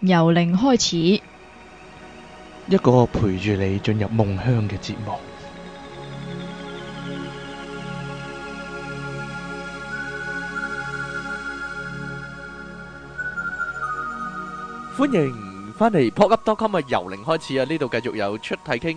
由零開始，一個陪住你進入夢鄉嘅節目。歡迎翻嚟 Pop Up.com，今日由零開始啊！呢度繼續有出體傾。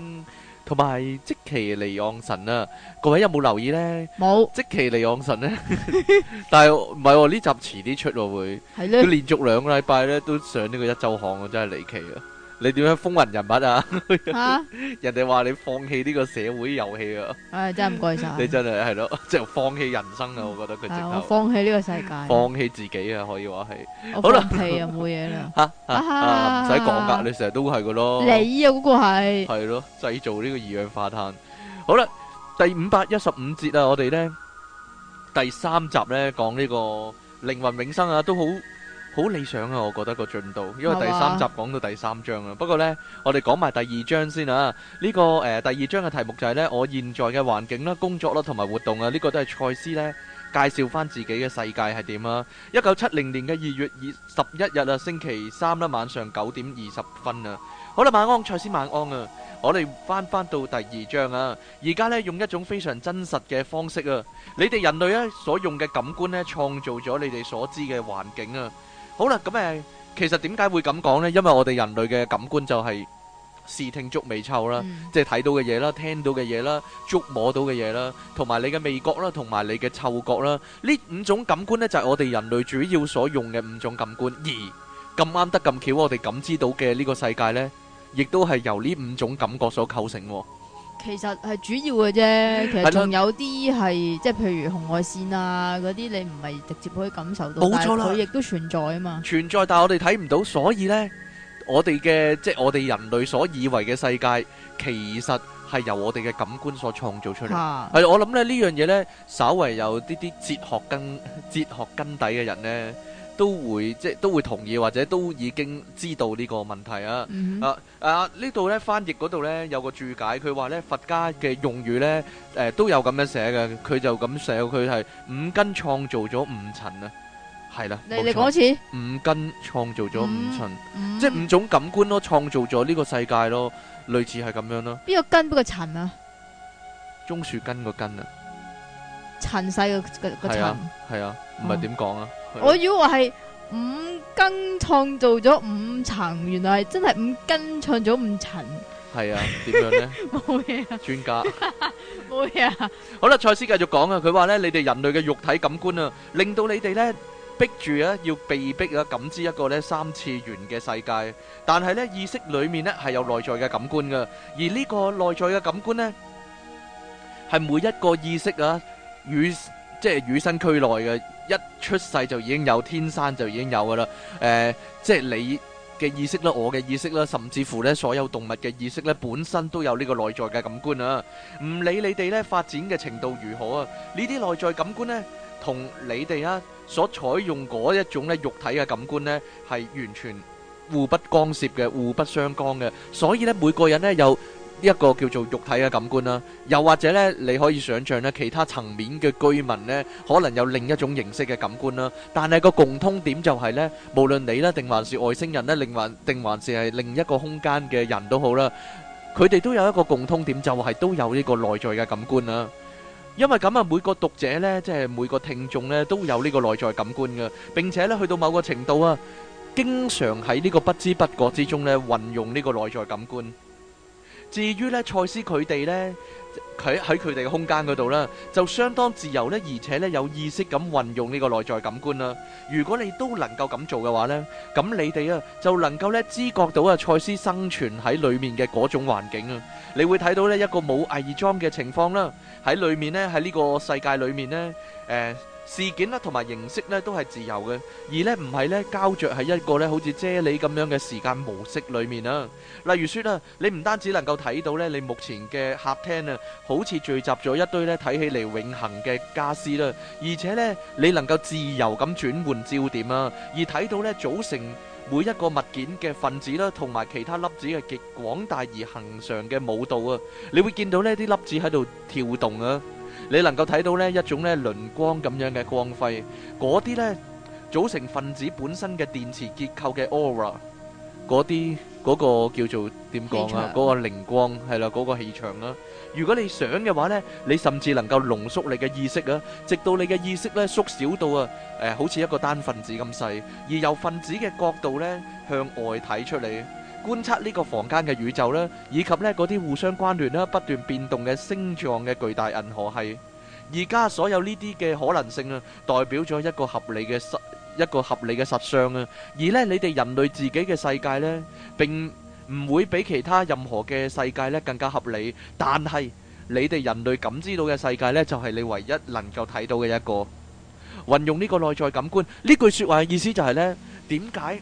同埋即期離岸神啊！各位有冇留意呢？冇沒有 即期離岸神呢？ 但係唔係喎，呢集遲啲出喎、啊、會，佢呢連續兩個禮拜呢都上呢個一周刊，我真係離奇啊！你點樣風雲人,人物啊？ 啊人哋話你放棄呢個社會遊戲啊！唉，真係唔該晒， 你真係係咯，即係 放棄人生啊！嗯、我覺得佢直頭放棄呢個世界， 放棄自己啊，可以話係。我放棄 啊，冇嘢啦，吓唔使講噶，你成日都係噶咯。 你啊嗰、嗰個係係咯，製 造呢個二氧化碳。 好啦，第五百一十五節啊，我哋咧第三集咧講呢、呢個靈魂永生啊，都好。好理想啊！我覺得個進度，因為第三集講到第三章啦。不過呢，我哋講埋第二章先啊。呢個誒，第二章嘅題目就係呢，我現在嘅環境啦、工作啦同埋活動啊，呢個都係賽斯呢介紹翻自己嘅世界係點啊。一九七零年嘅二月二十一日啊，星期三啦，晚上九點二十分啊。好啦，晚安，賽斯，晚安啊。我哋翻翻到第二章啊。而家呢用一種非常真實嘅方式啊，你哋人類呢所用嘅感官呢創造咗你哋所知嘅環境啊。好啦，咁誒，其實點解會咁講呢？因為我哋人類嘅感官就係視、聽、觸、味、嗅啦，即係睇到嘅嘢啦，聽到嘅嘢啦，觸摸到嘅嘢啦，同埋你嘅味覺啦，同埋你嘅嗅覺啦，呢五種感官呢就係我哋人類主要所用嘅五種感官。而咁啱得咁巧，我哋感知到嘅呢個世界呢，亦都係由呢五種感覺所構成。其實係主要嘅啫，其實仲有啲係即係譬如紅外線啊嗰啲，你唔係直接可以感受到，冇錯啦，但係佢亦都存在啊嘛。存在，但係我哋睇唔到，所以呢，我哋嘅即係我哋人類所以為嘅世界，其實係由我哋嘅感官所創造出嚟。係是我諗咧，呢樣嘢呢，稍為有啲啲哲學根哲學根底嘅人呢，都會即都會同意，或者都已經知道呢個問題。mm hmm. 啊！啊啊，呢度呢，翻譯嗰度呢，有個注解，佢話呢，佛家嘅用語呢，誒、呃、都有咁樣寫嘅，佢就咁寫，佢係五根創造咗五塵啊，係啦，你你講一次，五根創造咗五塵，即係五種感官咯，創造咗呢個世界咯，類似係咁樣咯。邊個根？邊個塵啊？松樹根個根啊！塵世嘅個塵係啊，係啊，唔係點講啊？我以為係五根創造咗五層，原來係真係五根創造咗五層。係啊，點樣咧？冇嘢啊！專家冇嘢啊！好啦，賽斯繼續講啊，佢話咧，你哋人類嘅肉體感官啊，令到你哋咧逼住啊，要被逼啊，感知一個咧三次元嘅世界。但係咧，意識裏面咧係有內在嘅感官噶，而呢個內在嘅感官咧係每一個意識啊。與即係與生俱來嘅，一出世就已經有，天生就已經有噶啦。誒，即係你嘅意識啦，我嘅意識啦，甚至乎咧所有動物嘅意識咧，本身都有呢個內在嘅感官啊。唔理你哋咧發展嘅程度如何啊，呢啲內在感官咧，同你哋啊所採用嗰一種咧肉體嘅感官咧，係完全互不干涉嘅，互不相干嘅。所以咧，每個人咧又。呢一個叫做肉體嘅感官啦，又或者咧，你可以想象咧，其他層面嘅居民咧，可能有另一種形式嘅感官啦。但係個共通點就係咧，無論你咧定還是外星人咧，定還定還是係另一個空間嘅人都好啦，佢哋都有一個共通點，就係都有呢個內在嘅感官啦。因為咁啊，每個讀者咧，即係每個聽眾咧，都有呢個內在感官嘅。並且咧，去到某個程度啊，經常喺呢個不知不覺之中咧，運用呢個內在感官。至於咧，賽斯佢哋咧，佢喺佢哋嘅空間嗰度咧，就相當自由咧，而且咧有意識咁運用呢個內在感官啦。如果你都能夠咁做嘅話咧，咁你哋啊，就能夠咧知覺到啊，賽斯生存喺裏面嘅嗰種環境啊。你會睇到咧一個冇偽裝嘅情況啦，喺裏面咧，喺呢個世界裏面咧，誒、呃。事件啦，同埋形式咧都係自由嘅，而咧唔係咧交著喺一個咧好似啫喱咁樣嘅時間模式裏面啦。例如說啊，你唔單止能夠睇到咧你目前嘅客廳啊，好似聚集咗一堆咧睇起嚟永恆嘅家私啦，而且咧你能夠自由咁轉換焦點啊，而睇到咧組成每一個物件嘅分子啦，同埋其他粒子嘅極廣大而恆常嘅舞蹈啊，你會見到呢啲粒子喺度跳動啊。你能夠睇到咧一種咧磷光咁樣嘅光輝，嗰啲咧組成分子本身嘅電磁結構嘅 Aura，嗰啲嗰個叫做點講啊？嗰個靈光係啦，嗰個氣場啦。如果你想嘅話咧，你甚至能夠濃縮你嘅意識啦，直到你嘅意識咧縮小到啊誒，好似一個單分子咁細，而由分子嘅角度咧向外睇出嚟。觀測呢個房間嘅宇宙咧，以及呢嗰啲互相關聯啦、不斷變動嘅星狀嘅巨大銀河系，而家所有呢啲嘅可能性啊，代表咗一個合理嘅實，一個合理嘅實相啊。而咧你哋人類自己嘅世界咧，並唔會比其他任何嘅世界咧更加合理，但係你哋人類感知到嘅世界咧，就係、是、你唯一能夠睇到嘅一個。運用呢個內在感官，呢句說話嘅意思就係呢點解？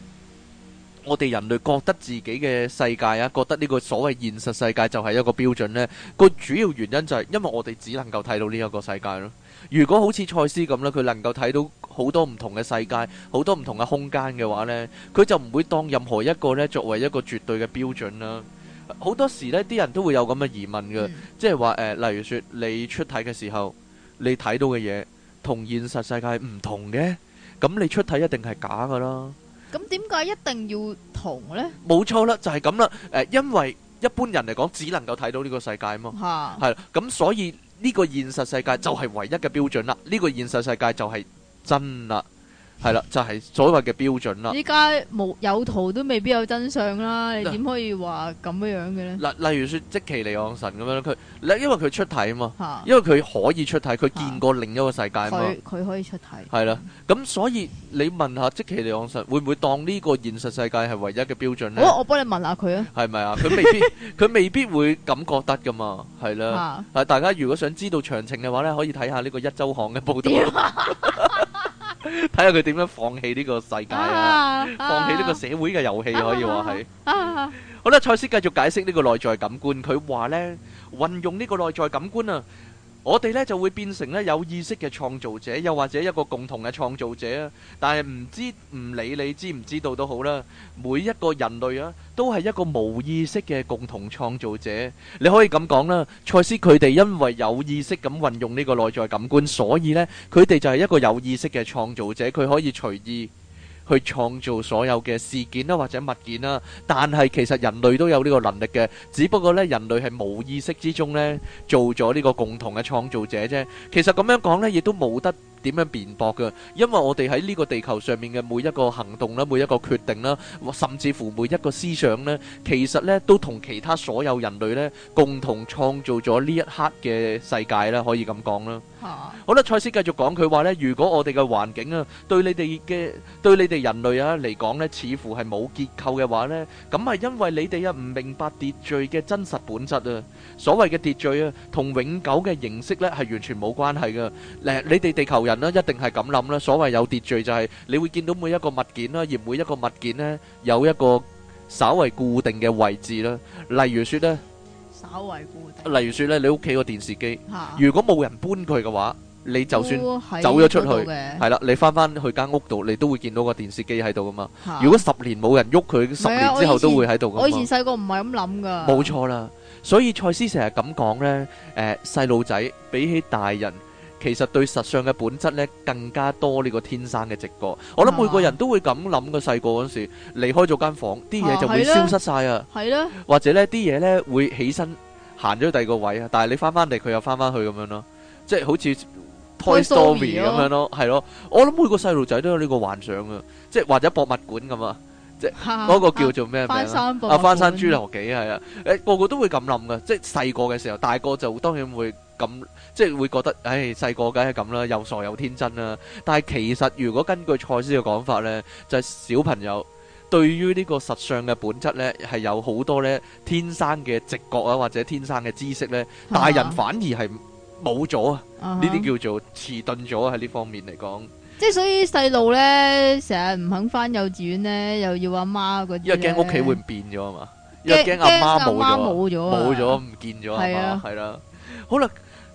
我哋人類覺得自己嘅世界啊，覺得呢個所謂現實世界就係一個標準呢，個主要原因就係因為我哋只能夠睇到呢一個世界咯。如果好似賽斯咁啦，佢能夠睇到好多唔同嘅世界、好多唔同嘅空間嘅話呢，佢就唔會當任何一個咧作為一個絕對嘅標準啦。好多時呢，啲人都會有咁嘅疑問嘅，即係話誒，例如説你出體嘅時候，你睇到嘅嘢同現實世界唔同嘅，咁你出體一定係假㗎啦。咁點解一定要同呢？冇錯啦，就係咁啦。誒、呃，因為一般人嚟講，只能夠睇到呢個世界嘛。係啦、啊，咁所以呢個現實世界就係唯一嘅標準啦。呢、嗯、個現實世界就係真啦。係啦，就係、是、所謂嘅標準啦。依家冇有圖都未必有真相啦，你點可以話咁樣樣嘅咧？例例如說，即其尼昂神咁樣，佢因為佢出體啊嘛，因為佢、啊、可以出體，佢見過另一個世界佢、啊、可以出體。係啦的，咁、嗯、所以你問下即其尼昂神會唔會當呢個現實世界係唯一嘅標準咧？我我幫你問下佢啊，係咪啊？佢未必佢 未必會咁覺得噶嘛？係啦，啊、大家如果想知道詳情嘅話咧，可以睇下呢個一周刊嘅報道。 睇下佢點樣放棄呢個世界啊！Ah, ah, 放棄呢個社會嘅遊戲可以話係。好啦，賽斯繼續解釋呢個內在感官。佢話呢，運用呢個內在感官啊。我哋咧就會變成咧有意識嘅創造者，又或者一個共同嘅創造者。但係唔知唔理你知唔知道都好啦。每一個人類啊，都係一個無意識嘅共同創造者。你可以咁講啦，賽斯佢哋因為有意識咁運用呢個內在感官，所以咧佢哋就係一個有意識嘅創造者，佢可以隨意，去創造所有嘅事件啦，或者物件啦，但係其實人類都有呢個能力嘅，只不過呢，人類係冇意識之中呢，做咗呢個共同嘅創造者啫。其實咁樣講呢，亦都冇得點樣辯駁㗎？因為我哋喺呢個地球上面嘅每一個行動啦，每一個決定啦，甚至乎每一個思想咧，其實咧都同其他所有人類咧共同創造咗呢一刻嘅世界啦，可以咁講啦。好啦，賽斯繼續講佢話咧，如果我哋嘅環境啊，對你哋嘅，對你哋人類啊嚟講咧，似乎係冇結構嘅話咧，咁係因為你哋啊唔明白秩序嘅真實本質啊。所謂嘅秩序啊，同永久嘅形式咧係完全冇關係噶。誒，你哋地球人，呢一定係咁諗啦，所謂有秩序就係你會見到每一個物件啦，而每一個物件呢有一個稍為固定嘅位置啦。例如說呢，稍為固定。例如說呢，你屋企個電視機，如果冇人搬佢嘅話，你就算走咗出去，係啦，你翻翻去間屋度，你都會見到個電視機喺度噶嘛。如果十年冇人喐佢，十年之後都會喺度噶嘛。我以前細個唔係咁諗噶。冇錯啦，所以賽斯成日咁講呢，誒，細路仔比起大人。其實對實相嘅本質咧，更加多呢個天生嘅直覺。我諗每個人都會咁諗嘅，細個嗰陣時，離開咗間房，啲嘢、啊、就會消失晒啊！係咧，或者咧啲嘢咧會起身行咗第二個位啊，但係你翻翻嚟佢又翻翻去咁樣咯，即係好似 Toy Story 咁樣咯，係咯。我諗每個細路仔都有呢個幻想啊，即係或者博物館咁啊，即係嗰個叫做咩名啊，啊？翻生侏羅紀啦，係啊？誒、哎、個、哎、個都會咁諗噶，即係細個嘅時候，大個就當然會。咁即係會覺得，唉，細個梗係咁啦，又傻又天真啦。但係其實如果根據賽斯嘅講法咧，就係、小朋友對於呢個實相嘅本質咧係有好多咧天生嘅直覺啊，或者天生嘅知識咧，啊、大人反而係冇咗，呢啲、啊、叫做遲鈍咗喺呢方面嚟講。即係所以細路咧，成日唔肯返幼稚園咧，又要阿媽嗰啲。因為驚屋企會變咗啊嘛，因為驚阿媽冇咗，冇咗唔見咗啊嘛，係啦，好啦。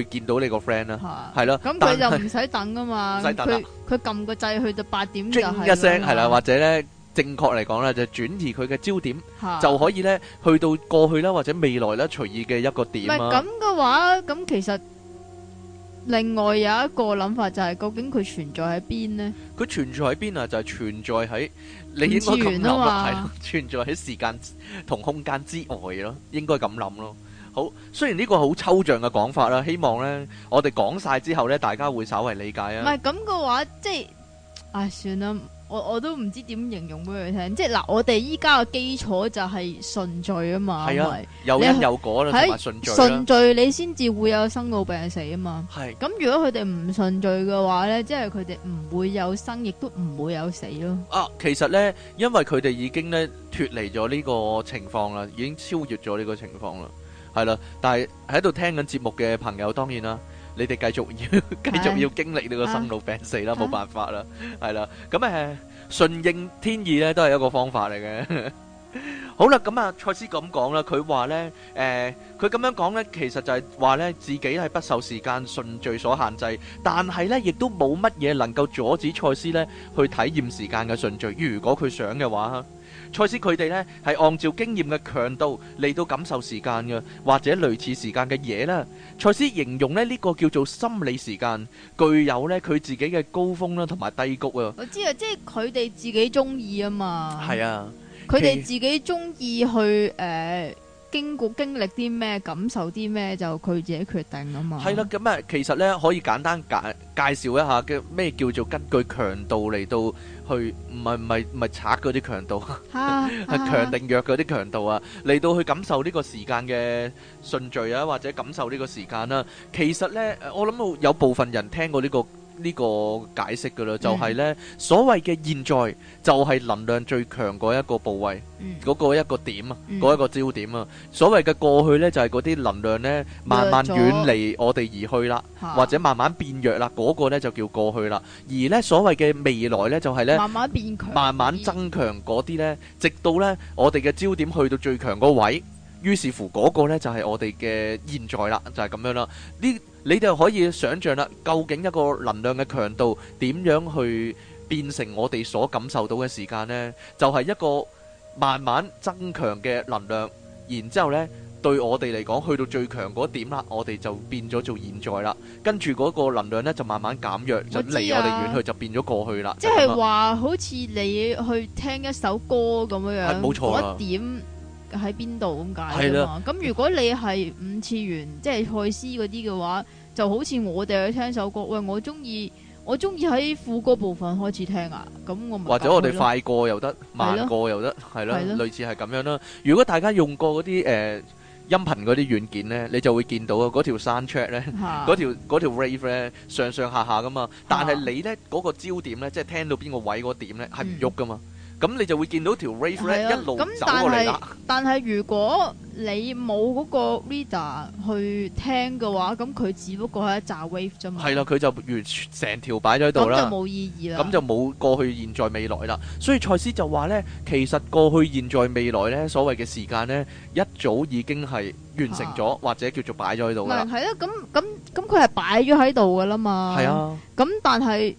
去見到你個 friend 啦，係咯，咁佢就唔使等噶嘛，佢佢撳個掣去到八點就係一聲係啦，或者咧正確嚟講咧就轉移佢嘅焦點，就可以咧去到過去啦或者未來啦隨意嘅一個點。唔係咁嘅話，咁其實另外有一個諗法就係究竟佢存在喺邊咧？佢存在喺邊啊？就係存在喺你應該咁諗啦，存在喺時間同空間之外咯，應該咁諗咯。好，雖然呢個好抽象嘅講法啦，希望呢，我哋講晒之後呢，大家會稍為理解啊。唔係咁嘅話，即係唉、哎，算啦。我我都唔知點形容俾佢聽。即係嗱，我哋依家嘅基礎就係順序啊嘛，係啊，是有因有果啦是，同埋順序啦。順序你先至會有生老病死啊嘛。係咁是，如果佢哋唔順序嘅話呢，即係佢哋唔會有生，亦都唔會有死咯。啊，其實呢，因為佢哋已經呢脫離咗呢個情況啦，已經超越咗呢個情況啦。係啦，但係喺度聽緊節目嘅朋友，當然啦，你哋繼續要繼續要經歷呢個生老病死啦，冇辦法啦，係啦、啊，咁啊順應天意咧，都係一個方法嚟嘅。 好啦，咁啊，賽斯咁講啦，佢話咧，誒、呃，佢咁樣講咧，其實就係話咧，自己係不受時間順序所限制，但係咧，亦都冇乜嘢能夠阻止賽斯咧去體驗時間嘅順序，如果佢想嘅話。賽斯佢哋呢係按照經驗嘅強度嚟到感受時間嘅，或者類似時間嘅嘢咧。賽斯形容呢呢個叫做心理時間，具有呢佢自己嘅高峰啦，同埋低谷啊。我知啊，即係佢哋自己中意啊嘛。係、呃、啊，佢哋自己中意去誒經過經歷啲咩，感受啲咩，就佢自己決定啊嘛。係啦，咁啊，其實呢，可以簡單簡介紹一下嘅咩叫做根據強度嚟到。去唔係唔係唔係拆嗰啲強度，係 強定弱嗰啲強度啊！嚟到去感受呢個時間嘅順序啊，或者感受呢個時間啦。其實呢，我諗到有部分人聽過呢個。呢個解釋㗎喇，就係呢所謂嘅現在就係能量最強嗰一個部位，嗰個一個點啊，嗰一個焦點啊。所謂嘅過去呢，就係嗰啲能量呢慢慢遠離我哋而去啦，或者慢慢變弱啦。嗰個呢就叫過去啦。而呢所謂嘅未來呢，就係呢慢慢變強，慢慢增強嗰啲呢，直到呢我哋嘅焦點去到最強嗰位。於是乎嗰個咧就係我哋嘅現在啦，就係咁樣啦。呢你哋可以想象啦，究竟一個能量嘅強度點樣去變成我哋所感受到嘅時間咧？就係一個慢慢增強嘅能量，然之後咧，對我哋嚟講去到最強嗰點啦，我哋就變咗做現在啦。跟住嗰個能量咧就慢慢減弱，就離我哋遠去，就變咗過去啦。即係話好似你去聽一首歌咁樣，係冇錯，嗰一點。喺邊度咁解啊嘛？咁的如果你係五次元，即係賽斯嗰啲嘅話，就好似我哋去聽首歌，喂，我中意，我中意喺副歌部分開始聽啊。咁我或者我哋快過又得，的慢過又得，係咯，的類似係咁樣啦。如果大家用過嗰啲誒音頻嗰啲軟件咧，你就會見到啊，嗰條山 check 咧，嗰條條 wave 咧，上上下下噶嘛。但係你咧嗰、嗰個焦點咧，即係聽到邊個位嗰點咧，係唔喐噶嘛？咁你就會見到條 wave 咧一路走過嚟啦。咁但係，但係如果你冇嗰個 reader 去聽嘅話，咁佢只不過係一紮 wave 啫嘛。係啦，佢就完全成條擺咗喺度啦。咁就冇意義啦。咁就冇過去、現在、未來啦。所以賽斯就話咧，其實過去、現在、未來咧，所謂嘅時間咧，一早已經係完成咗，或者叫做擺咗喺度啦。係啦，咁咁咁，佢係擺咗喺度噶啦嘛。係啊。咁但係。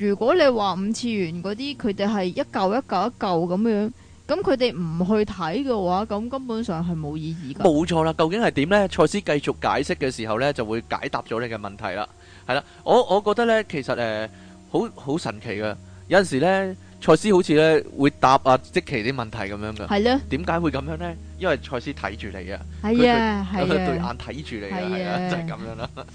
如果你話五次元嗰啲，佢哋係一嚿一嚿一嚿咁樣，咁佢哋唔去睇嘅話，咁根本上係冇意義嘅。冇錯啦，究竟係點咧？賽斯繼續解釋嘅時候咧，就會解答咗你嘅問題啦。係啦，我我覺得咧，其實誒好好神奇嘅。有陣時咧，賽斯好似咧會答阿、啊、積奇啲問題咁樣嘅。係咯的。點解會咁樣咧？因為賽斯睇住你嘅。係啊的，係啊，的對眼睇住你嘅，係啊的，就係、是、咁樣啦。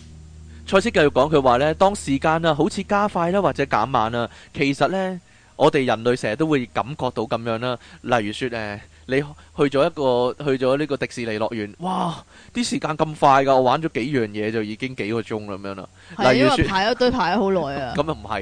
賽斯繼續講，佢話咧，當時間啊，好似加快啦，或者減慢啊，其實咧，我哋人類成日都會感覺到咁樣啦。例如說，誒、呃，你。去咗一個，去咗呢個迪士尼樂園，哇！啲時間咁快㗎，我玩咗幾樣嘢就已經幾個鐘咁樣啦。係因為排一堆排咗好耐啊。咁啊唔係嘅，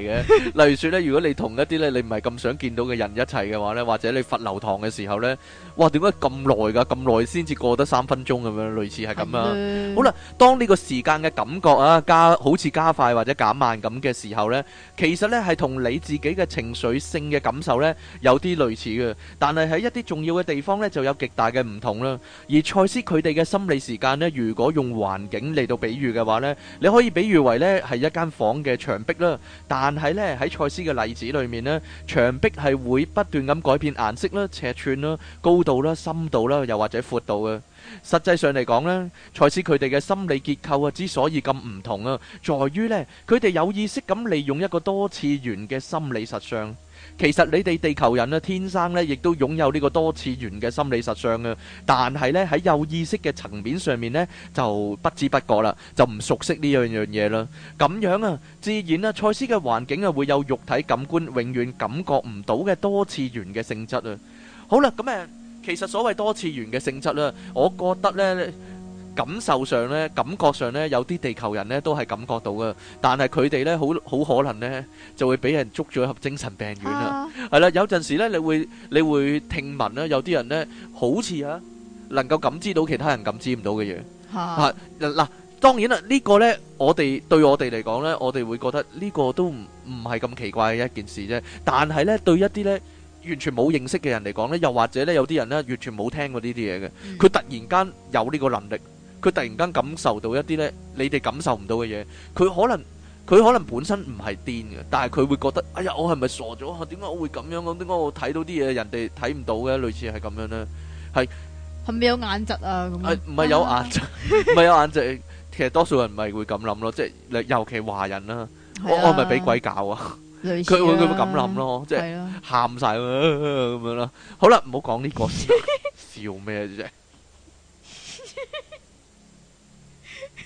例如說咧，如果你同一啲咧你唔係咁想見到嘅人一齊嘅話咧，或者你罰留堂嘅時候咧，哇！點解咁耐㗎？咁耐先至過得三分鐘咁樣，類似係咁啊。好啦，當呢個時間嘅感覺啊，加好似加快或者減慢咁嘅時候咧，其實咧係同你自己嘅情緒性嘅感受咧有啲類似嘅，但係喺一啲重要嘅地方咧就，有極大嘅唔同啦，而賽斯佢哋嘅心理時間呢，如果用環境嚟到比喻嘅話呢，你可以比喻為呢係一間房嘅牆壁啦，但係呢，喺賽斯嘅例子裏面呢，牆壁係會不斷咁改變顏色啦、尺寸啦、高度啦、深度啦，又或者闊度啊。實際上嚟講呢，賽斯佢哋嘅心理結構啊，之所以咁唔同啊，在於呢，佢哋有意識咁利用一個多次元嘅心理實相。其實你哋地球人呢，天生呢亦都擁有呢個多次元嘅心理實相啊，但係呢，喺有意識嘅層面上面呢，就不知不覺啦，就唔熟悉呢樣樣嘢啦。咁樣啊，自然啊，賽斯嘅環境啊，會有肉體感官永遠感覺唔到嘅多次元嘅性質啊。好啦，咁誒，其實所謂多次元嘅性質啦，我覺得呢。感受上咧，感覺上咧，有啲地球人咧都係感覺到嘅，但係佢哋咧，好好可能咧，就會俾人捉咗入精神病院啦。係啦，有陣時咧，你會你會聽聞咧，有啲人咧，好似啊，能夠感知到其他人感知唔到嘅嘢。吓，嗱，當然啦，呢個咧，我哋對我哋嚟講咧，我哋會覺得呢個都唔唔係咁奇怪嘅一件事啫。但係咧，對一啲咧完全冇認識嘅人嚟講咧，又或者咧有啲人咧完全冇聽過呢啲嘢嘅，佢突然間有呢個能力。佢突然間感受到一啲咧，你哋感受唔到嘅嘢，佢可能佢可能本身唔係癲嘅，但係佢會覺得，哎呀，我係咪傻咗啊？點解我會咁樣？點解我睇到啲嘢人哋睇唔到嘅？類似係咁樣咧，係係咪有眼疾啊？咁啊，唔係有眼疾，唔係有眼疾，其實多數人唔係會咁諗咯，即係尤其華人啦，我我係咪俾鬼搞啊，佢會佢會咁諗咯，即係喊晒咁樣咯。好啦，唔好講呢個，笑咩啫？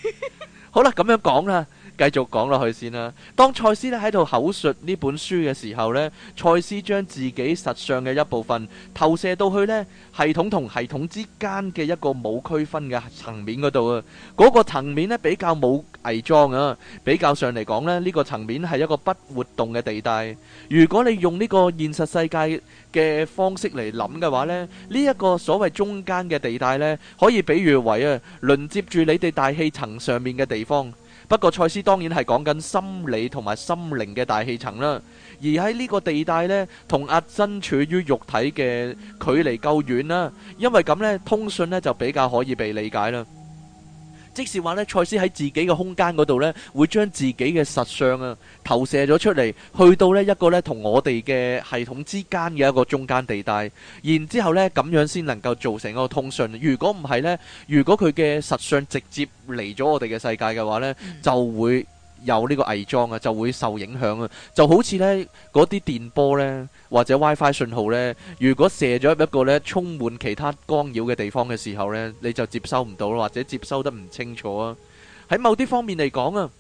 好啦，咁樣講啦。繼續講落去先啦。當賽斯咧喺度口述呢本書嘅時候呢，賽斯將自己實相嘅一部分投射到去呢系統同系統之間嘅一個冇區分嘅層面嗰度啊。嗰、那個層面呢比較冇偽裝啊，比較上嚟講咧，呢個層面係一個不活動嘅地帶。如果你用呢個現實世界嘅方式嚟諗嘅話呢，呢一個所謂中間嘅地帶呢，可以比喻為啊，連接住你哋大氣層上面嘅地方。不過，賽斯當然係講緊心理同埋心靈嘅大氣層啦，而喺呢個地帶呢，同阿珍處於肉體嘅距離夠遠啦，因為咁呢，通訊呢就比較可以被理解啦。即是話咧，賽斯喺自己嘅空間嗰度咧，會將自己嘅實相啊投射咗出嚟，去到咧一個咧同我哋嘅系統之間嘅一個中間地帶，然之後呢，咁樣先能夠造成一個通訊。如果唔係呢，如果佢嘅實相直接嚟咗我哋嘅世界嘅話呢，嗯、就會。有呢個偽裝啊，就會受影響啊，就好似呢嗰啲電波呢，或者 WiFi 信號呢，如果射咗入一個呢充滿其他干擾嘅地方嘅時候呢，你就接收唔到，或者接收得唔清楚啊。喺某啲方面嚟講啊。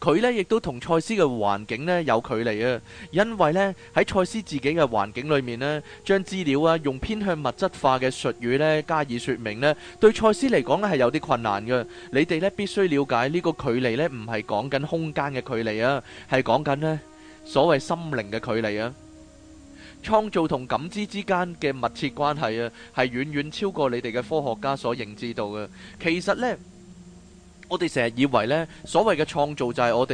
佢呢亦都同賽斯嘅環境呢有距離啊，因為呢，喺賽斯自己嘅環境裏面呢，將資料啊用偏向物質化嘅術語呢加以說明呢，對賽斯嚟講呢係有啲困難㗎。你哋呢必須了解呢個距離呢，唔係講緊空間嘅距離啊，係講緊呢所謂心靈嘅距離啊，創造同感知之間嘅密切關係啊，係遠遠超過你哋嘅科學家所認知到嘅。其實呢。我哋成日以為呢，所謂嘅創造就係我哋，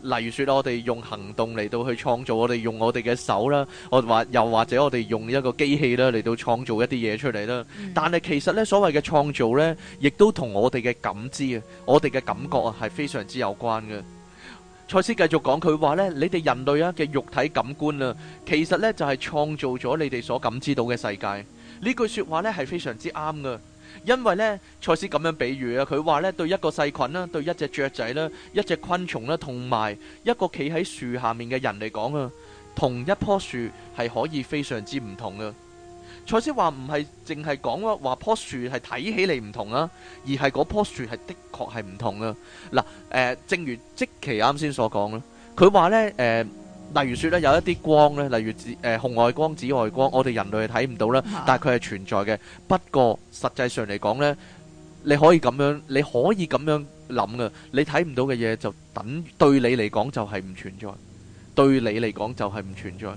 例如說我哋用行動嚟到去創造，我哋用我哋嘅手啦，或又或者我哋用一個機器啦嚟到創造一啲嘢出嚟啦。但係其實呢，所謂嘅創造呢，亦都同我哋嘅感知啊，我哋嘅感覺啊，係非常之有關嘅。賽斯繼續講佢話呢，你哋人類啊嘅肉體感官啊，其實呢就係創造咗你哋所感知到嘅世界。呢句說話呢係非常之啱嘅。因為呢，賽斯咁樣比喻啊，佢話呢，對一個細菌啦、啊，對一隻雀仔啦、啊，一隻昆蟲啦、啊，同埋一個企喺樹下面嘅人嚟講啊，同一棵樹係可以非常之唔同噶賽斯話唔係淨係講話棵樹係睇起嚟唔同，同啊，而係嗰棵樹係的確係唔同噶嗱，誒，正如積奇啱先所講啦，佢話呢。誒、呃。例如說咧，有一啲光咧，例如紫誒、呃、紅外光、紫外光，我哋人類係睇唔到啦，但係佢係存在嘅。不過實際上嚟講咧，你可以咁樣，你可以咁樣諗嘅，你睇唔到嘅嘢就等對你嚟講就係唔存在，對你嚟講就係唔存在，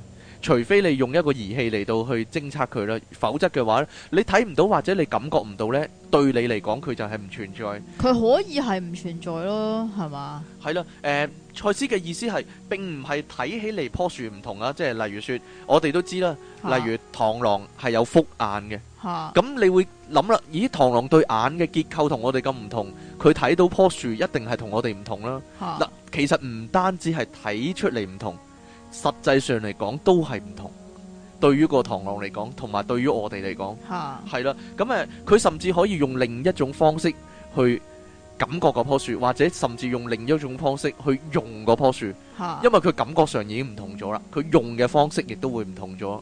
除非你用一個儀器嚟到去偵測佢咯，否則嘅話，你睇唔到或者你感覺唔到呢，對你嚟講佢就係唔存在。佢可以係唔存在咯，係嘛？係啦，誒、呃，賽斯嘅意思係並唔係睇起嚟樖樹唔同啊，即係例如説，我哋都知啦，例如螳螂係有複眼嘅，咁、啊、你會諗啦，咦，螳螂對眼嘅結構同我哋咁唔同，佢睇到樖樹一定係同我哋唔同啦。嗱、啊，其實唔單止係睇出嚟唔同。實際上嚟講都係唔同，對於個螳螂嚟講，同埋對於我哋嚟講，係啦哈，咁、嗯、誒，佢甚至可以用另一種方式去感覺嗰棵樹，或者甚至用另一種方式去用嗰棵樹，哈 因為佢感覺上已經唔同咗啦，佢用嘅方式亦都會唔同咗。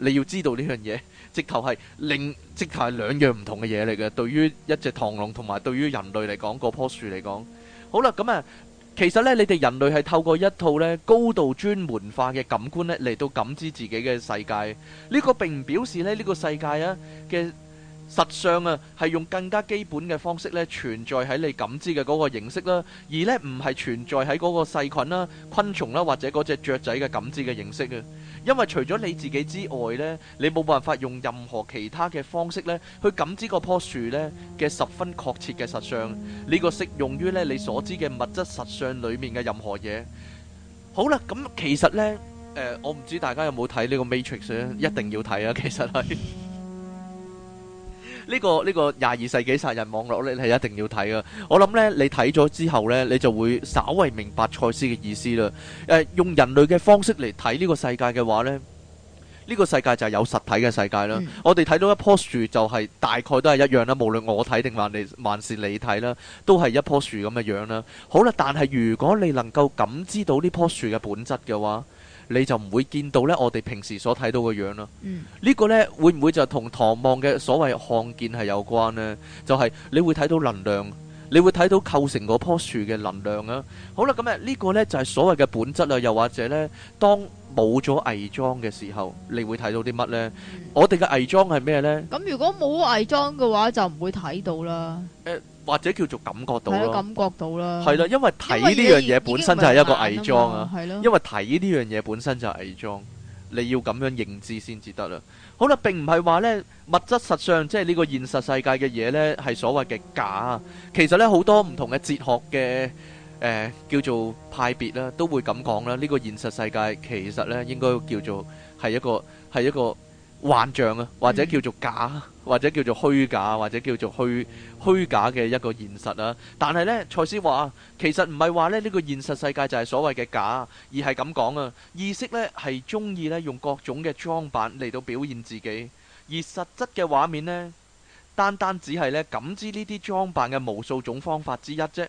你要知道呢樣嘢，直頭係另，直頭係兩樣唔同嘅嘢嚟嘅。對於一隻螳螂同埋對於人類嚟講，嗰棵樹嚟講，好啦，咁、嗯、啊。嗯其實咧，你哋人類係透過一套咧高度專門化嘅感官咧嚟到感知自己嘅世界。呢、呢個並唔表示咧呢個世界啊嘅實相啊係用更加基本嘅方式咧存在喺你感知嘅嗰個形式啦，而咧唔係存在喺嗰個細菌啦、昆蟲啦或者嗰隻雀仔嘅感知嘅形式啊。因為除咗你自己之外咧，你冇辦法用任何其他嘅方式咧，去感知嗰棵樹咧嘅十分確切嘅實相。這個、適呢個適用於咧你所知嘅物質實相裏面嘅任何嘢。好啦，咁、嗯、其實呢，誒、呃，我唔知大家有冇睇呢個 Matrix，一定要睇啊！其實係。 呢個呢個廿二世紀殺人網絡咧，係一定要睇嘅。我諗咧，你睇咗之後咧，你就會稍為明白賽斯嘅意思啦。誒、呃，用人類嘅方式嚟睇呢個世界嘅話咧，呢個世界就係有實體嘅世界啦。嗯、我哋睇到一棵樹就係大概都係一樣啦，無論我睇定你定係你睇啦，都係一棵樹咁嘅樣啦。好啦，但係如果你能夠感知到呢棵樹嘅本質嘅話，你就唔會見到呢，我哋平時所睇到嘅樣咯。呢、嗯、個呢，會唔會就同唐望嘅所謂看見係有關呢？就係、是、你會睇到能量，你會睇到構成嗰棵樹嘅能量啊。好啦，咁誒呢個呢，就係、是、所謂嘅本質啊。又或者呢，當冇咗偽裝嘅時候，你會睇到啲乜呢？嗯、我哋嘅偽裝係咩呢？咁如果冇偽裝嘅話，就唔會睇到啦。呃或者叫做感覺到感覺到啦。係啦，因為睇呢樣嘢本身就係一個偽裝啊。因為睇呢樣嘢本身就係偽裝，你要咁樣認知先至得啦。好啦，並唔係話呢，物質實相，即係呢個現實世界嘅嘢呢，係所謂嘅假。其實呢，好多唔同嘅哲學嘅誒、呃、叫做派別啦，都會咁講啦。呢、呢個現實世界其實呢，應該叫做係一個係一個，嗯幻象啊，或者叫做假，或者叫做虛假，或者叫做虛虛假嘅一個現實啊。但係呢，賽斯話，其實唔係話咧呢、這個現實世界就係所謂嘅假，而係咁講啊。意識呢係中意呢用各種嘅裝扮嚟到表現自己，而實質嘅畫面呢，單單只係呢感知呢啲裝扮嘅無數種方法之一啫。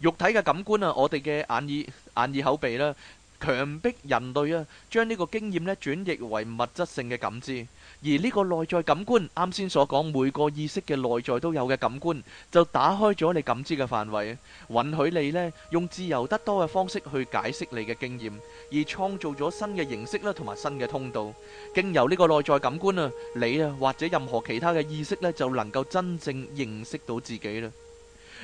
肉體嘅感官啊，我哋嘅眼耳眼耳口鼻啦。強迫人類啊，將呢個經驗轉譯為物質性的感知。而呢個內在感官，啱先所講每個意識的內在都有的感官，就打開咗你感知的範圍。允許你，用自由得多的方式去解釋你的經驗，而創造咗新的形式啦同埋新的通道。經由呢個內在感官啊，你啊或者任何其他的意識就能夠真正認識到自己啦。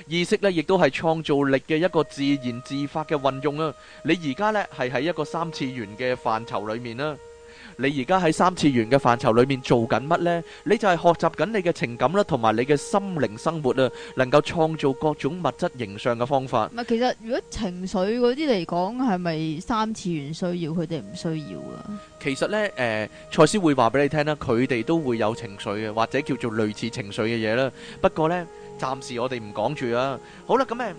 意識咧，亦都係創造力嘅一個自然自發嘅運用啊！你而家呢係喺一個三次元嘅範疇裏面啦、啊，你而家喺三次元嘅範疇裏面做緊乜呢？你就係學習緊你嘅情感啦、啊，同埋你嘅心靈生活啊，能夠創造各種物質形象嘅方法。唔係，其實如果情緒嗰啲嚟講，係咪三次元需要佢哋唔需要啊？其實呢，誒、呃，賽斯會話俾你聽啦，佢哋都會有情緒嘅，或者叫做類似情緒嘅嘢啦。不過呢。暫時我哋唔講住啊。好啦，咁誒，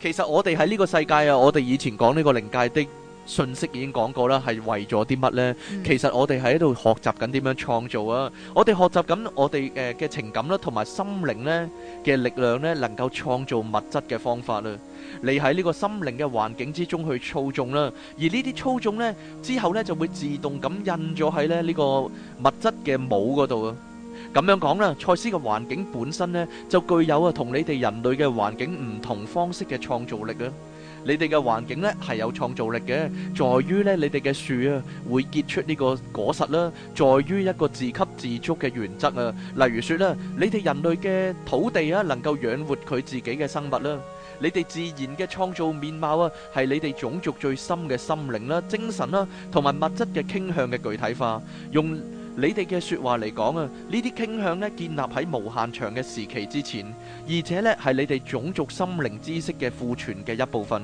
其實我哋喺呢個世界啊，我哋以前講呢個靈界的信息已經講過啦，係為咗啲乜呢？嗯、其實我哋喺度學習緊點樣創造啊！我哋學習緊我哋誒嘅情感啦，同埋心靈呢嘅力量呢，能夠創造物質嘅方法啦。你喺呢個心靈嘅環境之中去操縱啦，而呢啲操縱呢之後呢，就會自動咁印咗喺咧呢個物質嘅母嗰度啊。咁樣講啦，賽斯嘅環境本身呢就具有啊同你哋人類嘅環境唔同方式嘅創造力啊！你哋嘅環境呢係有創造力嘅，在於呢你哋嘅樹啊會結出呢個果實啦，在於一個自給自足嘅原則啊。例如説呢，你哋人類嘅土地啊能夠養活佢自己嘅生物啦，你哋自然嘅創造面貌啊係你哋種族最深嘅心靈啦、精神啦同埋物質嘅傾向嘅具體化用。你哋嘅説話嚟講啊，呢啲傾向呢建立喺無限長嘅時期之前，而且呢係你哋種族心靈知識嘅庫存嘅一部分。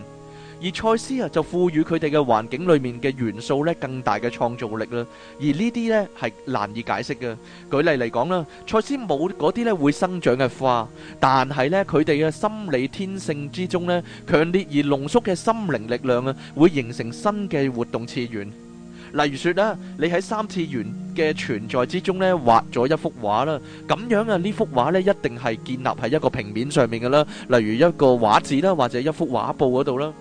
而賽斯啊，就賦予佢哋嘅環境裏面嘅元素呢更大嘅創造力啦。而呢啲呢係難以解釋嘅。舉例嚟講啦，賽斯冇嗰啲呢會生長嘅花，但係呢，佢哋嘅心理天性之中呢，強烈而濃縮嘅心靈力量啊，會形成新嘅活動次元。例如說咧，你喺三次元嘅存在之中咧，畫咗一幅畫啦，咁樣啊，呢幅畫咧一定係建立喺一個平面上面嘅啦，例如一個畫紙啦，或者一幅畫布嗰度啦。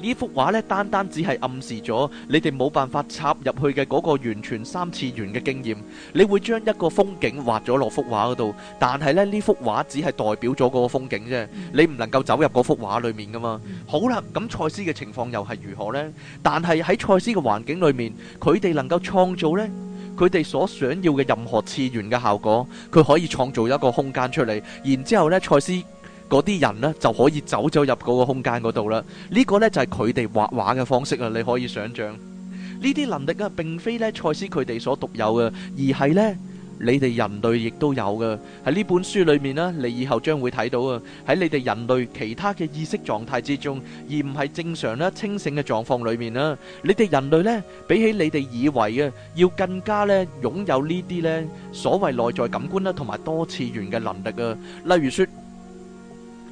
呢幅畫咧，單單只係暗示咗你哋冇辦法插入去嘅嗰個完全三次元嘅經驗。你會將一個風景畫咗落幅畫嗰度，但係咧呢幅畫只係代表咗個風景啫。你唔能夠走入嗰幅畫裏面噶嘛。好啦，咁賽斯嘅情況又係如何呢？但係喺賽斯嘅環境裏面，佢哋能夠創造呢，佢哋所想要嘅任何次元嘅效果，佢可以創造一個空間出嚟，然之後咧賽斯。嗰啲人呢，就可以走走入嗰個空間嗰度啦。呢個呢，就係佢哋畫畫嘅方式啊！你可以想象呢啲能力啊，並非呢賽斯佢哋所獨有嘅，而係呢，你哋人類亦都有嘅。喺呢本書裏面呢，你以後將會睇到啊。喺你哋人類其他嘅意識狀態之中，而唔係正常啦清醒嘅狀況裏面啦，你哋人類呢，比起你哋以為啊，要更加呢擁有呢啲呢所謂內在感官啦，同埋多次元嘅能力啊。例如說，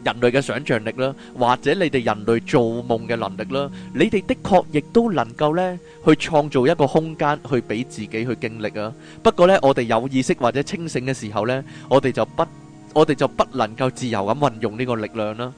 人類嘅想像力啦，或者你哋人類做夢嘅能力啦，你哋的確亦都能夠呢去創造一個空間去俾自己去經歷啊。不過呢，我哋有意識或者清醒嘅時候呢，我哋就不，我哋就不能夠自由咁運用呢個力量啦。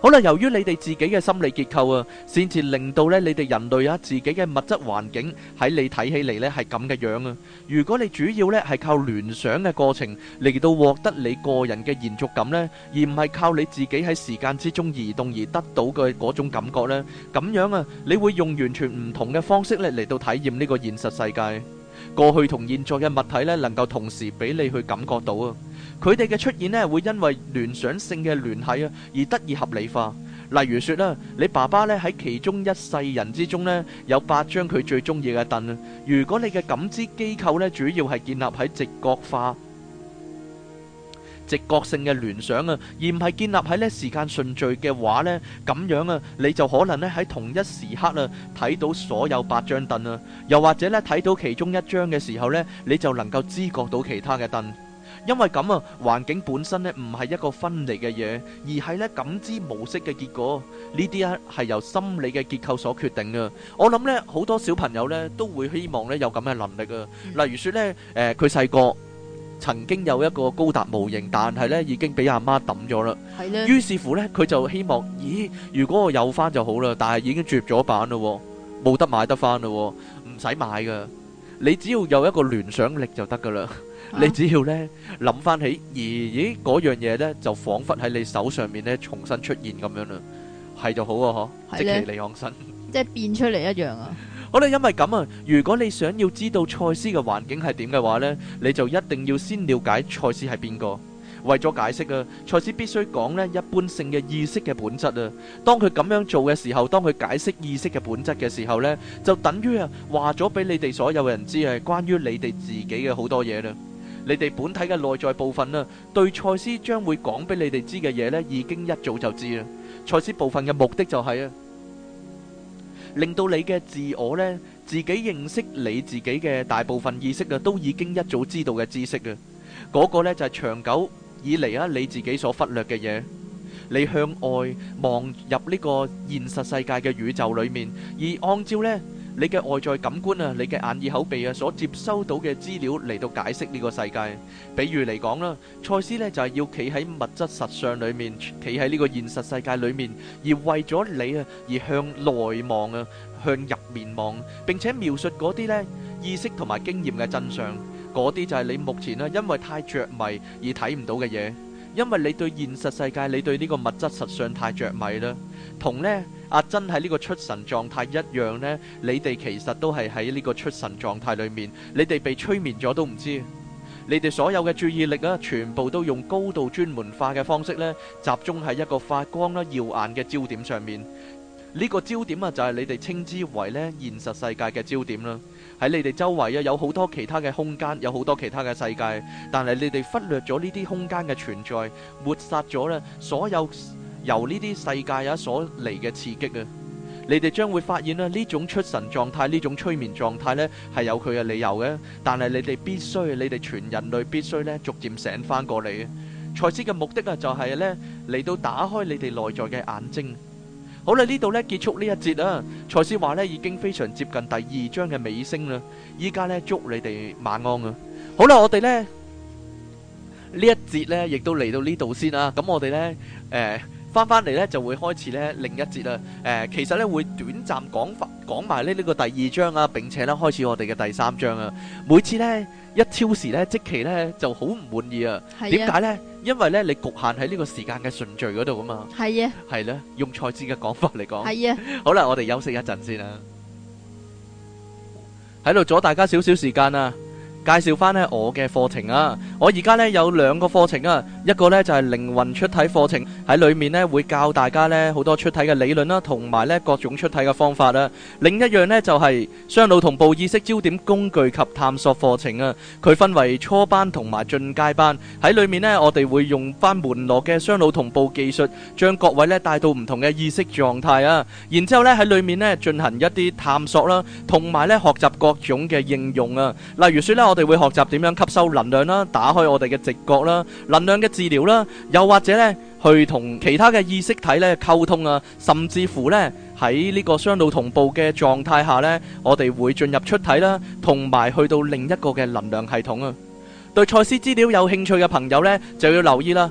好啦，由於你哋自己嘅心理結構啊，先至令到咧你哋人類啊自己嘅物質環境喺你睇起嚟咧係咁嘅樣啊。如果你主要咧係靠聯想嘅過程嚟到獲得你個人嘅延續感咧，而唔係靠你自己喺時間之中移動而得到嘅嗰種感覺咧，咁樣啊，你會用完全唔同嘅方式咧嚟到體驗呢個現實世界，過去同現在嘅物體咧能夠同時俾你去感覺到啊。佢哋嘅出現咧，會因為聯想性嘅聯繫啊，而得以合理化。例如說啦，你爸爸咧喺其中一世人之中咧，有八張佢最中意嘅凳啊。如果你嘅感知機構咧，主要係建立喺直覺化、直覺性嘅聯想啊，而唔係建立喺咧時間順序嘅話咧，咁樣啊，你就可能咧喺同一時刻啊，睇到所有八張凳啊，又或者咧睇到其中一張嘅時候咧，你就能夠知覺到其他嘅凳。因為咁啊，環境本身咧唔係一個分離嘅嘢，而係咧感知模式嘅結果。呢啲啊係由心理嘅結構所決定嘅。我諗咧，好多小朋友咧都會希望咧有咁嘅能力啊。例如說咧，誒，佢細個曾經有一個高達模型，但係咧已經俾阿媽抌咗啦。係咧。於是乎咧，佢就希望，咦，如果我有翻就好啦，但係已經絕咗版啦，冇得買得翻啦，唔使買噶。你只要有一個聯想力就得噶啦。你只要咧諗翻起，咦嗰樣嘢，咧就仿佛喺你手上面咧重新出現咁樣啦，係就好啊，嗬！即係李昂新，即係變出嚟一樣啊！好啦，因為咁啊，如果你想要知道賽斯嘅環境係點嘅話咧，你就一定要先了解賽斯係邊個。為咗解釋啊，賽斯必須講咧一般性嘅意識嘅本質啊。當佢咁樣做嘅時候，當佢解釋意識嘅本質嘅時候咧，就等於啊話咗俾你哋所有人知係關於你哋自己嘅好多嘢啦。你哋本體嘅內在部分啦，對賽斯將會講俾你哋知嘅嘢咧，已經一早就知啦。賽斯部分嘅目的就係啊，令到你嘅自我咧，自己認識你自己嘅大部分意識啊，都已經一早知道嘅知識啊，嗰個咧就係長久以嚟啊你自己所忽略嘅嘢，你向外望入呢個現實世界嘅宇宙裏面，而按照呢。你嘅外在感官啊，你嘅眼耳口鼻啊，所接收到嘅資料嚟到解釋呢個世界。比如嚟講啦，賽斯咧就係要企喺物質實相裏面，企喺呢個現實世界裏面，而為咗你啊而向內望啊，向入面望，並且描述嗰啲咧意識同埋經驗嘅真相。嗰啲就係你目前啊，因為太着迷而睇唔到嘅嘢，因為你對現實世界，你對呢個物質實相太着迷啦。同呢阿珍喺呢個出神狀態一樣呢，你哋其實都係喺呢個出神狀態裏面，你哋被催眠咗都唔知，你哋所有嘅注意力啊，全部都用高度專門化嘅方式呢集中喺一個發光啦、耀眼嘅焦點上面。呢個焦點啊，就係你哋稱之為呢現實世界嘅焦點啦。喺你哋周圍啊，有好多其他嘅空間，有好多其他嘅世界，但係你哋忽略咗呢啲空間嘅存在，抹殺咗啦所有。由呢啲世界有所嚟嘅刺激啊！你哋將會發現啦，呢種出神狀態，呢種催眠狀態咧，係有佢嘅理由嘅。但係你哋必須，你哋全人類必須咧，逐漸醒翻過嚟啊！賽斯嘅目的啊，就係咧嚟到打開你哋內在嘅眼睛。好啦，呢度咧結束呢一節啦。賽斯話咧已經非常接近第二章嘅尾聲啦。依家咧祝你哋晚安啊！好啦，我哋咧呢一節咧亦都嚟到呢度先啊。咁我哋咧誒。翻翻嚟咧，就會開始咧另一節啊！誒、呃，其實咧會短暫講法講埋咧呢個第二章啊，並且咧開始我哋嘅第三章啊。每次咧一超時咧，即期咧就好唔滿意啊。點解咧？因為咧你局限喺呢個時間嘅順序嗰度啊嘛。係啊。係咧，用蔡字嘅講法嚟講。係啊。 好啦，我哋休息一陣先啦，喺度阻大家少少時間啊。介紹翻呢我嘅課程啊，我而家呢有兩個課程啊，一個呢就係靈魂出體課程，喺裏面呢會教大家呢好多出體嘅理論啦，同埋呢各種出體嘅方法啦。另一樣呢就係雙腦同步意識焦點工具及探索課程啊，佢分為初班同埋進階班，喺裏面呢我哋會用翻門羅嘅雙腦同步技術，將各位呢帶到唔同嘅意識狀態啊，然之後呢喺裏面呢進行一啲探索啦，同埋呢學習各種嘅應用啊，例如說呢我。我哋會學習點樣吸收能量啦，打開我哋嘅直覺啦，能量嘅治療啦，又或者咧去同其他嘅意識體咧溝通啊，甚至乎咧喺呢個雙腦同步嘅狀態下咧，我哋會進入出體啦，同埋去到另一個嘅能量系統啊。對賽斯資料有興趣嘅朋友咧，就要留意啦。